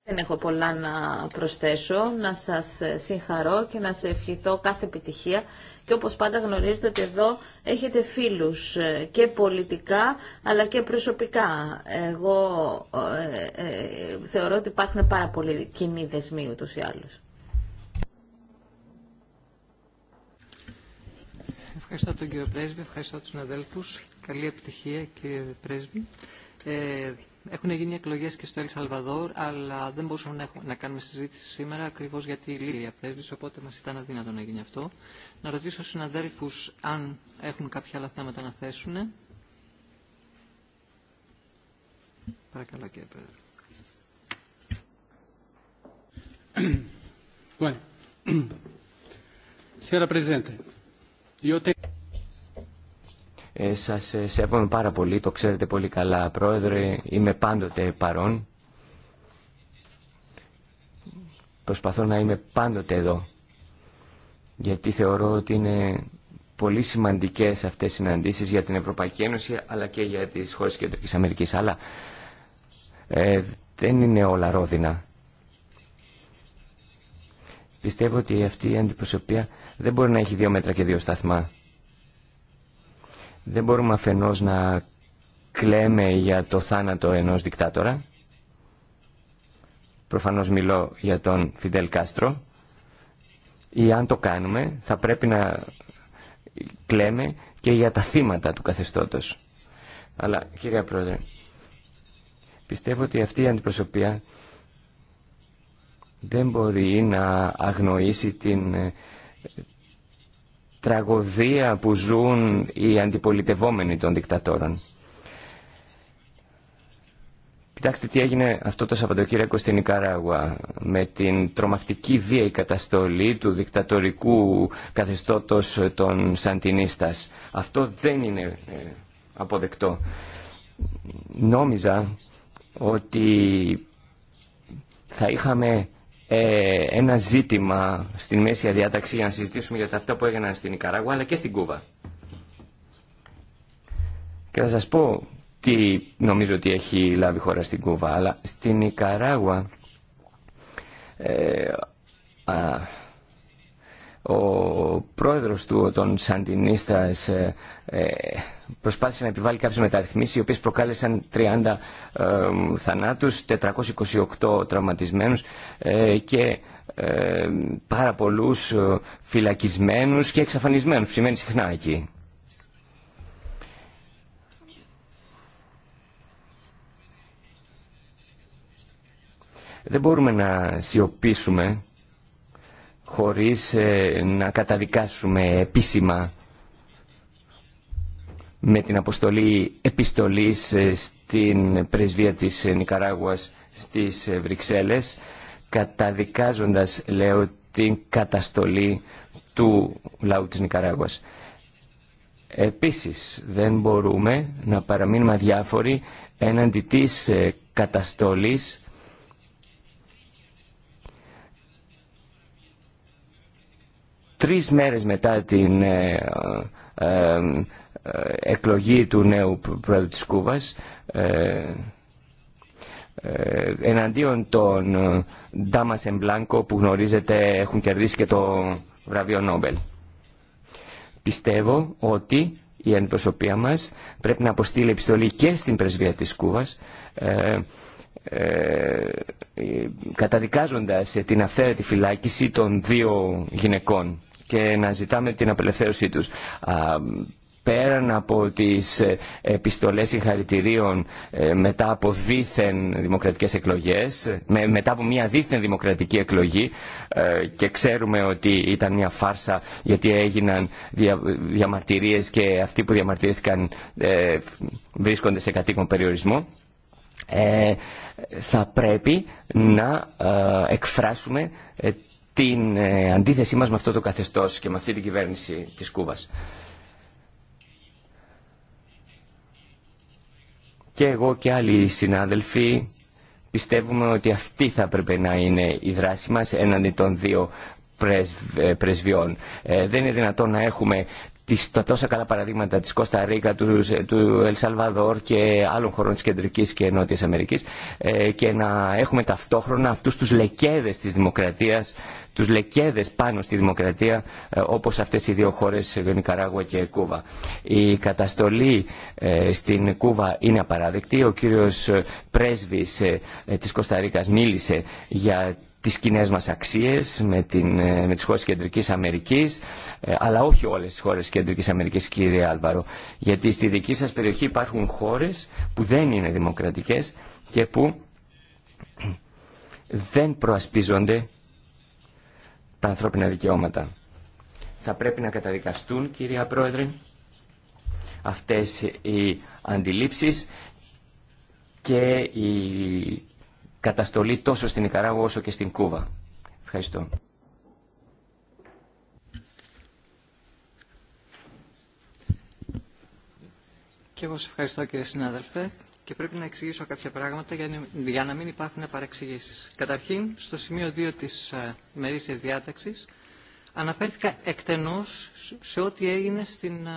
δεν έχω πολλά να προσθέσω, να σας συγχαρώ και να σε ευχηθώ κάθε επιτυχία και όπως πάντα γνωρίζετε ότι εδώ έχετε φίλους ε, και πολιτικά αλλά και προσωπικά. Εγώ ε, ε, θεωρώ ότι υπάρχουν πάρα πολλοί κοινοί δεσμοί ούτως ή άλλως. Ευχαριστώ τον κύριο Πρέσβη, ευχαριστώ τους αδέλφους. Καλή επιτυχία κύριε Πρέσβη. Έχουν γίνει εκλογέ και στο Ελσαλβαδόρ, αλλά δεν μπορούσαμε να, κάνουμε συζήτηση σήμερα ακριβώ γιατί η Λίλια πρέσβη, οπότε μα ήταν αδύνατο να γίνει αυτό. Να ρωτήσω στου συναδέλφου αν έχουν κάποια άλλα θέματα να θέσουν. Παρακαλώ, κύριε Πρόεδρε. Bueno. Señora Presidente, yo tengo... Ε, σας ε, σέβομαι πάρα πολύ, το ξέρετε πολύ καλά πρόεδρε, είμαι πάντοτε παρόν. Προσπαθώ να είμαι πάντοτε εδώ, γιατί θεωρώ ότι είναι πολύ σημαντικές αυτές οι συναντήσεις για την Ευρωπαϊκή Ένωση, αλλά και για τις χώρες Κεντρικής Αμερικής. Αλλά ε, δεν είναι όλα ρόδινα. Πιστεύω ότι αυτή η αντιπροσωπεία δεν μπορεί να έχει δύο μέτρα και δύο σταθμά. Δεν μπορούμε αφενός να κλέμε για το θάνατο ενός δικτάτορα. Προφανώς μιλώ για τον Φιντελ Κάστρο. Ή αν το κάνουμε θα πρέπει να κλέμε και για τα θύματα του καθεστώτος. Αλλά κύριε Πρόεδρε, πιστεύω ότι αυτή η αντιπροσωπεία δεν μπορεί να αγνοήσει την τραγωδία που ζουν οι αντιπολιτευόμενοι των δικτατόρων. Κοιτάξτε τι έγινε αυτό το Σαββατοκύριακο στην Ικαράγουα με την τρομακτική βία η καταστολή του δικτατορικού καθεστώτος των Σαντινίστας. Αυτό δεν είναι ε, αποδεκτό. Νόμιζα ότι θα είχαμε ε, ένα ζήτημα στην μέση διάταξη για να συζητήσουμε για τα αυτά που έγιναν στην Ικαράγουα αλλά και στην Κούβα. Και θα σας πω τι νομίζω ότι έχει λάβει χώρα στην Κούβα, αλλά στην Ικαράγουα ε, ο πρόεδρος του των Σαντινίστας ε, ε, προσπάθησε να επιβάλλει κάποιες μεταρρυθμίσεις οι οποίες προκάλεσαν 30 ε, θανάτους, 428 τραυματισμένους ε, και πάρα πολλούς φυλακισμένους και εξαφανισμένους που σημαίνει συχνά εκεί. Δεν μπορούμε να σιωπήσουμε χωρίς ε, να καταδικάσουμε επίσημα με την αποστολή επιστολής ε, στην πρεσβεία της Νικαράγουας στις ε, Βρυξέλλες καταδικάζοντας λέω την καταστολή του λαού της Νικαράγουας. Επίσης δεν μπορούμε να παραμείνουμε αδιάφοροι έναντι της καταστολής τρεις μέρες μετά την ε, ε, ε, εκλογή του νέου πρόεδρου της Κούβας εναντίον των Ντάμας Εμπλάνκο που γνωρίζετε έχουν κερδίσει και το βραβείο Νόμπελ. Πιστεύω ότι η αντιπροσωπεία μας πρέπει να αποστείλει επιστολή και στην πρεσβεία της Κούβας ε, ε, καταδικάζοντας την αφαίρετη φυλάκιση των δύο γυναικών και να ζητάμε την απελευθέρωσή τους. Πέραν από τις ε, επιστολές συγχαρητηρίων ε, μετά από δίθεν δημοκρατικές εκλογές, μετά από μια δίθεν δημοκρατική εκλογή ε, και ξέρουμε ότι ήταν μια φάρσα γιατί έγιναν δια, διαμαρτυρίες και αυτοί που διαμαρτυρήθηκαν βρίσκονται σε κατοίκον περιορισμό, ε, θα πρέπει να εκφράσουμε την ε, αντίθεσή μας με αυτό το καθεστώς και με αυτή την κυβέρνηση της Κούβας. Και εγώ και άλλοι συνάδελφοι πιστεύουμε ότι αυτή θα πρέπει να είναι η δράση μας έναντι των δύο ε, πρεσβειών. Ε, δεν είναι δυνατόν να έχουμε τις, τα τόσα καλά παραδείγματα της Κώστα Ρίκα, του, του Ελσαλβαδόρ και άλλων χωρών της Κεντρικής και Νότιας Αμερικής ε, και να έχουμε ταυτόχρονα αυτούς τους λεκέδες της δημοκρατίας, τους λεκέδες πάνω στη δημοκρατία ε, όπως αυτές οι δύο χώρες, ε, Νικαράγουα και Κούβα. Η καταστολή ε, στην Κούβα είναι απαράδεκτη. Ο κύριος ε, πρέσβης της Κωνσταντίνας μίλησε για τις κοινέ μας αξίες με, την, ε, με τις χώρες Κεντρικής Αμερικής ε, αλλά όχι όλες τις χώρες Κεντρικής Αμερικής κύριε Άλβαρο γιατί στη δική σας περιοχή υπάρχουν χώρες που δεν είναι δημοκρατικές και που δεν προασπίζονται τα ανθρώπινα δικαιώματα. Θα πρέπει να καταδικαστούν κύριε Πρόεδρε αυτές οι αντιλήψεις και οι καταστολή τόσο στην Ικαράγουα όσο και στην Κούβα. Ευχαριστώ. Και εγώ σας ευχαριστώ κύριε συνάδελφε και πρέπει να εξηγήσω κάποια πράγματα για να μην υπάρχουν παρεξηγήσεις. Καταρχήν, στο σημείο 2 της ε, μερίσιας διάταξης αναφέρθηκα εκτενώς σε ό,τι έγινε στην ε,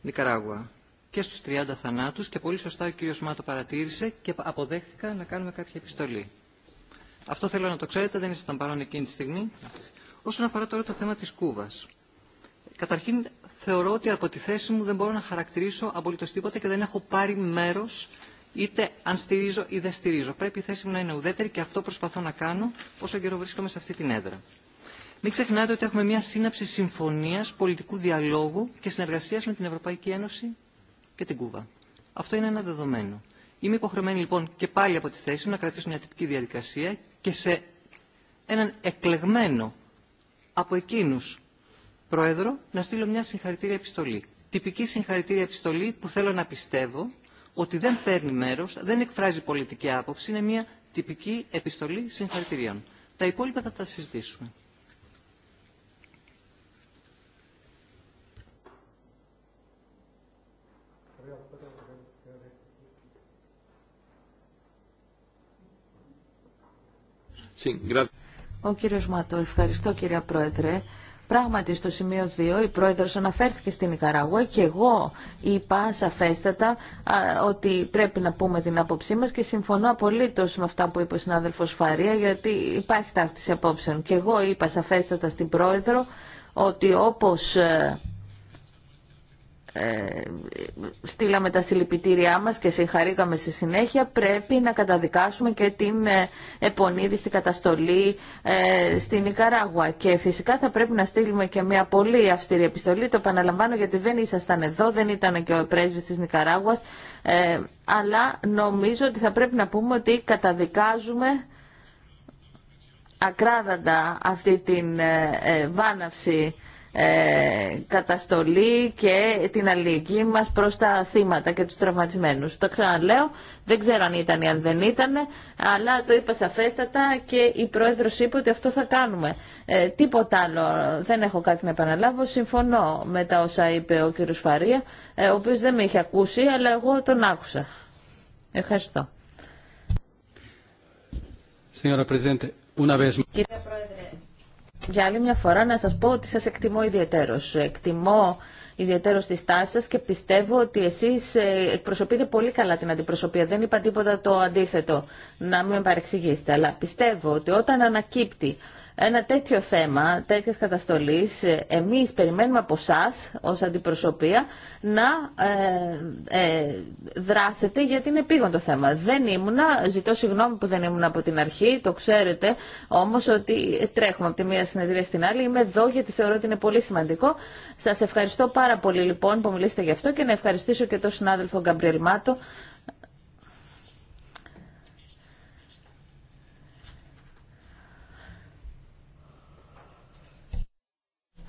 Νικαράγουα και στους 30 θανάτους και πολύ σωστά ο κύριος Μάτο παρατήρησε και αποδέχθηκα να κάνουμε κάποια επιστολή. Αυτό θέλω να το ξέρετε, δεν ήσασταν παρόν εκείνη τη στιγμή. Όσον αφορά τώρα το θέμα της Κούβας. Καταρχήν θεωρώ ότι από τη θέση μου δεν μπορώ να χαρακτηρίσω απολύτως τίποτα και δεν έχω πάρει μέρος είτε αν στηρίζω ή δεν στηρίζω. Πρέπει η θέση μου να είναι ουδέτερη και αυτό προσπαθώ να κάνω όσο καιρό βρίσκομαι σε αυτή την έδρα. Μην ξεχνάτε ότι έχουμε μια σύναψη συμφωνίας πολιτικού διαλόγου και συνεργασίας με την Ευρωπαϊκή Ένωση και την Κούβα. Αυτό είναι ένα δεδομένο. Είμαι υποχρεωμένη λοιπόν και πάλι από τη θέση μου να κρατήσω μια τυπική διαδικασία και σε έναν εκλεγμένο από εκείνους πρόεδρο να στείλω μια συγχαρητήρια επιστολή. Τυπική συγχαρητήρια επιστολή που θέλω να πιστεύω ότι δεν παίρνει μέρος, δεν εκφράζει πολιτική άποψη, είναι μια τυπική επιστολή συγχαρητηρίων. Τα υπόλοιπα θα τα συζητήσουμε. Ο κύριο Μάτο, ευχαριστώ κύριε Πρόεδρε. Πράγματι στο σημείο 2 η πρόεδρος αναφέρθηκε στην Νικαράγουα και εγώ είπα σαφέστατα ότι πρέπει να πούμε την άποψή μα και συμφωνώ απολύτως με αυτά που είπε ο συνάδελφο Φαρία γιατί υπάρχει ταύτιση απόψεων. Και εγώ είπα σαφέστατα στην πρόεδρο ότι όπως ε, ε, στείλαμε τα συλληπιτήριά μας και συγχαρήκαμε στη συνέχεια πρέπει να καταδικάσουμε και την ε, καταστολή ε, στην Ικαράγουα και φυσικά θα πρέπει να στείλουμε και μια πολύ αυστηρή επιστολή το επαναλαμβάνω γιατί δεν ήσασταν εδώ δεν ήταν και ο πρέσβης της Νικαράγουας ε, αλλά νομίζω ότι θα πρέπει να πούμε ότι καταδικάζουμε ακράδαντα αυτή την ε, ε, βάναυση ε, καταστολή και την αλληλεγγύη μας προς τα θύματα και τους τραυματισμένους. Το ξαναλέω, δεν ξέρω αν ήταν ή αν δεν ήταν, αλλά το είπα σαφέστατα και η Πρόεδρος είπε ότι αυτό θα κάνουμε. Ε, τίποτα άλλο, δεν έχω κάτι να επαναλάβω, συμφωνώ με τα όσα είπε ο κ. Φαρία, ε, ο οποίος δεν με είχε ακούσει, αλλά εγώ τον άκουσα. Ευχαριστώ. Πρόεδρε, για άλλη μια φορά να σας πω ότι σας εκτιμώ ιδιαίτερος. Εκτιμώ ιδιαίτερος τη στάση σας και πιστεύω ότι εσείς ε, εκπροσωπείτε πολύ καλά την αντιπροσωπεία. Δεν είπα τίποτα το αντίθετο, να μην παρεξηγήσετε. Αλλά πιστεύω ότι όταν ανακύπτει ένα τέτοιο θέμα, τέτοιες καταστολής, ε, εμείς περιμένουμε από εσά ως αντιπροσωπεία να ε, ε, δράσετε γιατί είναι επίγον το θέμα. Δεν ήμουνα, ζητώ συγγνώμη που δεν ήμουν από την αρχή, το ξέρετε όμως ότι τρέχουμε από τη μία συνεδρία στην άλλη. Είμαι εδώ γιατί θεωρώ ότι είναι πολύ σημαντικό. Σας ευχαριστώ πάρα πολύ λοιπόν που μιλήσετε γι' αυτό και να ευχαριστήσω και τον συνάδελφο Γκαμπριελ Μάτο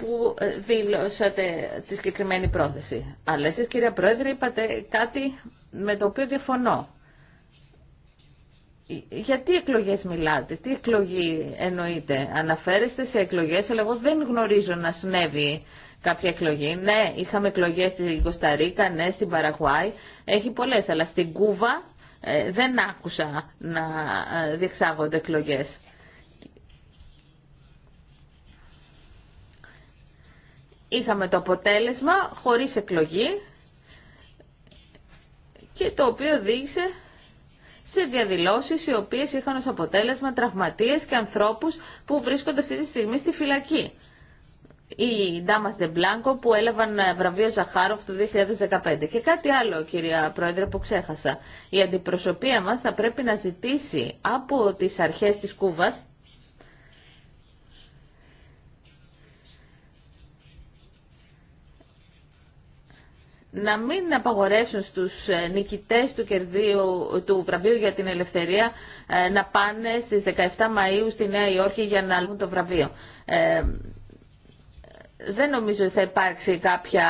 που ε, δήλωσατε τη συγκεκριμένη πρόθεση. Αλλά εσείς κυρία Πρόεδρε είπατε κάτι με το οποίο διαφωνώ. Ε, γιατί εκλογές μιλάτε, τι εκλογή εννοείτε. Αναφέρεστε σε εκλογές, αλλά εγώ δεν γνωρίζω να συνέβη κάποια εκλογή. Ναι, είχαμε εκλογές στην Κωνσταντίνα, ναι, στην Παραγουάη, έχει πολλές, αλλά στην Κούβα ε, δεν άκουσα να διεξάγονται εκλογές. είχαμε το αποτέλεσμα χωρίς εκλογή και το οποίο οδήγησε σε διαδηλώσεις οι οποίες είχαν ως αποτέλεσμα τραυματίες και ανθρώπους που βρίσκονται αυτή τη στιγμή στη φυλακή. Η Ντάμας Ντεμπλάνκο που έλαβαν βραβείο Ζαχάροφ το 2015. Και κάτι άλλο κυρία Πρόεδρε που ξέχασα. Η αντιπροσωπεία μας θα πρέπει να ζητήσει από τις αρχές της Κούβας να μην απαγορεύσουν στους ε, νικητές του κερδίου του βραβείου για την ελευθερία ε, να πάνε στις 17 Μαΐου στη Νέα Υόρκη για να λάβουν το βραβείο. Ε, δεν νομίζω ότι θα υπάρξει κάποια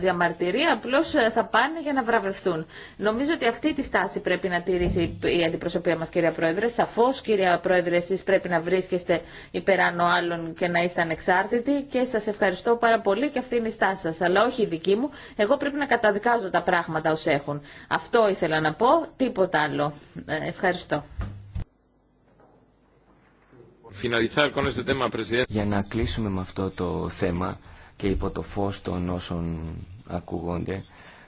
διαμαρτυρία, απλώ ε, θα πάνε για να βραβευθούν. Νομίζω ότι αυτή τη στάση πρέπει να τηρήσει η αντιπροσωπεία μα, κυρία Πρόεδρε. Σαφώ, κυρία Πρόεδρε, εσεί πρέπει να βρίσκεστε υπεράνω άλλων και να είστε ανεξάρτητοι και σα ευχαριστώ πάρα πολύ και αυτή είναι η στάση σα. Αλλά όχι η δική μου. Εγώ πρέπει να καταδικάζω τα πράγματα ω έχουν. Αυτό ήθελα να πω, τίποτα άλλο. Ε, ευχαριστώ. Για να κλείσουμε με αυτό το θέμα και υπό το φω των όσων ακούγονται,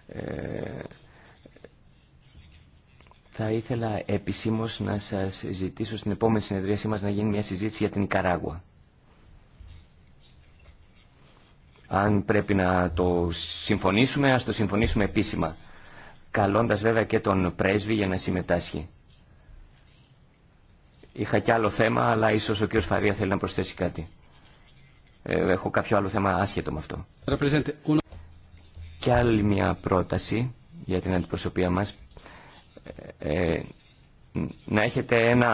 ε, θα ήθελα επισήμω να σα ζητήσω στην επόμενη συνεδρίασή μα να γίνει μια συζήτηση για την Ικαράγουα. Αν πρέπει να το συμφωνήσουμε, ας το συμφωνήσουμε επίσημα, καλώντας βέβαια και τον πρέσβη για να συμμετάσχει. Είχα και άλλο θέμα, αλλά ίσω ο κ. Φαρία θέλει να προσθέσει κάτι. Ε, έχω κάποιο άλλο θέμα άσχετο με αυτό. Και άλλη μια πρόταση για την αντιπροσωπεία μα: ε, ε, να έχετε ένα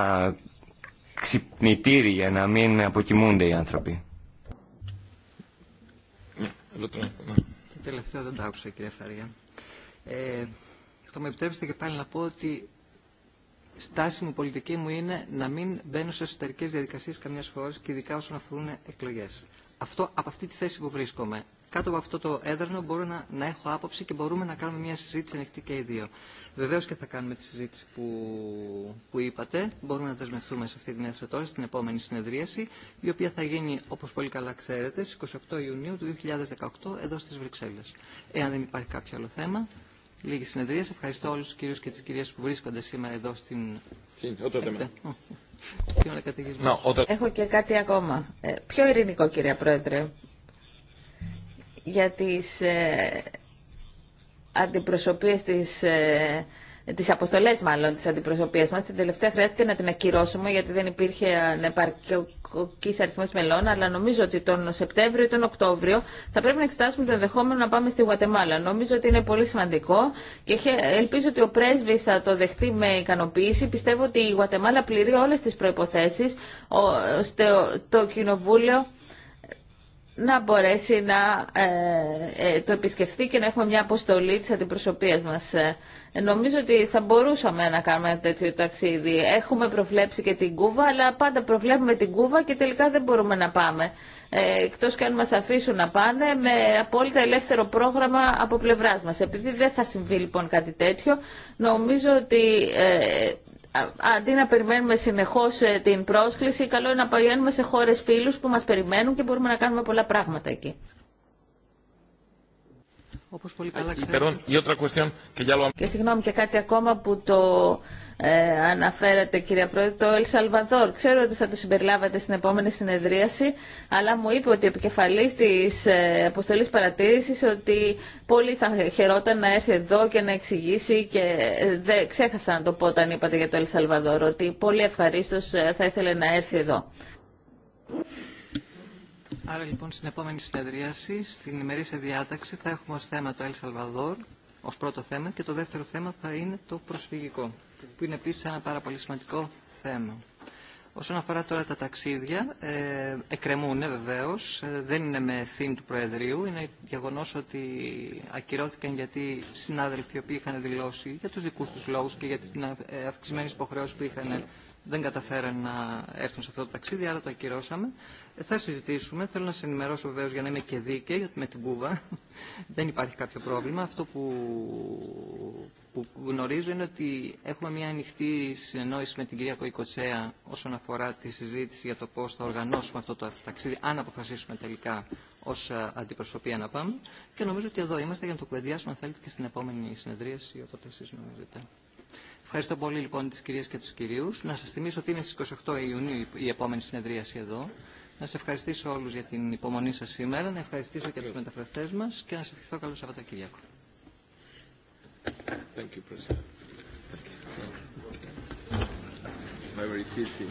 ξυπνητήρι για να μην αποκοιμούνται οι άνθρωποι. Τελευταίο δεν τα άκουσα κύριε Φαρία. θα με επιτρέψετε και πάλι να πω ότι στάση μου, πολιτική μου είναι να μην μπαίνω σε εσωτερικέ διαδικασίε καμιά χώρα και ειδικά όσον αφορούν εκλογέ. Αυτό, από αυτή τη θέση που βρίσκομαι, κάτω από αυτό το έδρανο μπορώ να, να έχω άποψη και μπορούμε να κάνουμε μια συζήτηση ανοιχτή και οι δύο. Βεβαίω και θα κάνουμε τη συζήτηση που, που είπατε. Μπορούμε να δεσμευτούμε σε αυτή την αίθουσα τώρα, στην επόμενη συνεδρίαση, η οποία θα γίνει, όπω πολύ καλά ξέρετε, στι 28 Ιουνίου του 2018 εδώ στι Βρυξέλλε. Εάν δεν υπάρχει κάποιο άλλο θέμα, λίγη συνεδρία. Ευχαριστώ όλους τους κυρίους και τις κυρίες που βρίσκονται σήμερα εδώ στην... Έχω και κάτι ακόμα. Ε, πιο ειρηνικό, κυρία Πρόεδρε, για τις ε, αντιπροσωπείες της ε, τι αποστολέ μάλλον τη αντιπροσωπεία μα. Την τελευταία χρειάστηκε να την ακυρώσουμε γιατί δεν υπήρχε ανεπαρκή αριθμό μελών, αλλά νομίζω ότι τον Σεπτέμβριο ή τον Οκτώβριο θα πρέπει να εξετάσουμε το ενδεχόμενο να πάμε στη Γουατεμάλα. Νομίζω ότι είναι πολύ σημαντικό και ελπίζω ότι ο πρέσβης θα το δεχτεί με ικανοποίηση. Πιστεύω ότι η Γουατεμάλα πληρεί όλε τι προποθέσει ώστε το Κοινοβούλιο να μπορέσει να ε, ε, το επισκεφθεί και να έχουμε μια αποστολή της αντιπροσωπείας μας. Ε, νομίζω ότι θα μπορούσαμε να κάνουμε ένα τέτοιο ταξίδι. Έχουμε προβλέψει και την Κούβα, αλλά πάντα προβλέπουμε την Κούβα και τελικά δεν μπορούμε να πάμε. Ε, εκτός και αν μας αφήσουν να πάνε με απόλυτα ελεύθερο πρόγραμμα από πλευράς μας. Επειδή δεν θα συμβεί λοιπόν κάτι τέτοιο, νομίζω ότι αντί να περιμένουμε συνεχώς ε, την πρόσκληση, καλό είναι να πηγαίνουμε σε χώρες φίλους που μας περιμένουν και μπορούμε να κάνουμε πολλά πράγματα εκεί. Ε, και συγγνώμη και κάτι ακόμα που το ε, αναφέρατε κυρία Πρόεδρε, το Ελσαλβαδόρ. Ξέρω ότι θα το συμπεριλάβατε στην επόμενη συνεδρίαση, αλλά μου είπε ότι ο επικεφαλής της ε, αποστολής παρατήρησης ότι πολύ θα χαιρόταν να έρθει εδώ και να εξηγήσει και ε, ξέχασα να το πω όταν είπατε για το Ελσαλβαδόρ, ότι πολύ ευχαρίστως ε, θα ήθελε να έρθει εδώ. Άρα λοιπόν στην επόμενη συνεδρίαση, στην ημερήσια διάταξη, θα έχουμε ως θέμα το Ελσαλβαδόρ ως πρώτο θέμα και το δεύτερο θέμα θα είναι το προσφυγικό που είναι επίσης ένα πάρα πολύ σημαντικό θέμα. Όσον αφορά τώρα τα ταξίδια, ε, εκκρεμούν βεβαίω, ε, δεν είναι με ευθύνη του Προεδρείου. Είναι γεγονό ότι ακυρώθηκαν γιατί συνάδελφοι οι οποίοι είχαν δηλώσει για του δικού του λόγου και για τι ε, αυξημένε υποχρεώσει που είχαν ε, δεν καταφέραν να έρθουν σε αυτό το ταξίδι, άρα το ακυρώσαμε. θα συζητήσουμε. Θέλω να σα ενημερώσω βεβαίω για να είμαι και δίκαιη, γιατί με την Κούβα δεν υπάρχει κάποιο πρόβλημα. Αυτό που που γνωρίζω είναι ότι έχουμε μια ανοιχτή συνεννόηση με την κυρία Κοϊκοτσέα όσον αφορά τη συζήτηση για το πώς θα οργανώσουμε αυτό το ταξίδι, αν αποφασίσουμε τελικά ως ε, αντιπροσωπεία να πάμε. Και νομίζω ότι εδώ είμαστε για να το κουβεντιάσουμε, αν θέλετε, και στην επόμενη συνεδρίαση, όποτε εσείς νομίζετε. Ευχαριστώ πολύ λοιπόν τις κυρίες και τους κυρίους. Να σας θυμίσω ότι είναι στις 28 Ιουνίου η επόμενη συνεδρίαση εδώ. Να σας ευχαριστήσω όλους για την υπομονή σας σήμερα, να ευχαριστήσω και τους μεταφραστές μας και να σας ευχηθώ καλό Σαββατοκύριακο. Thank you, President. Thank you. Very easy.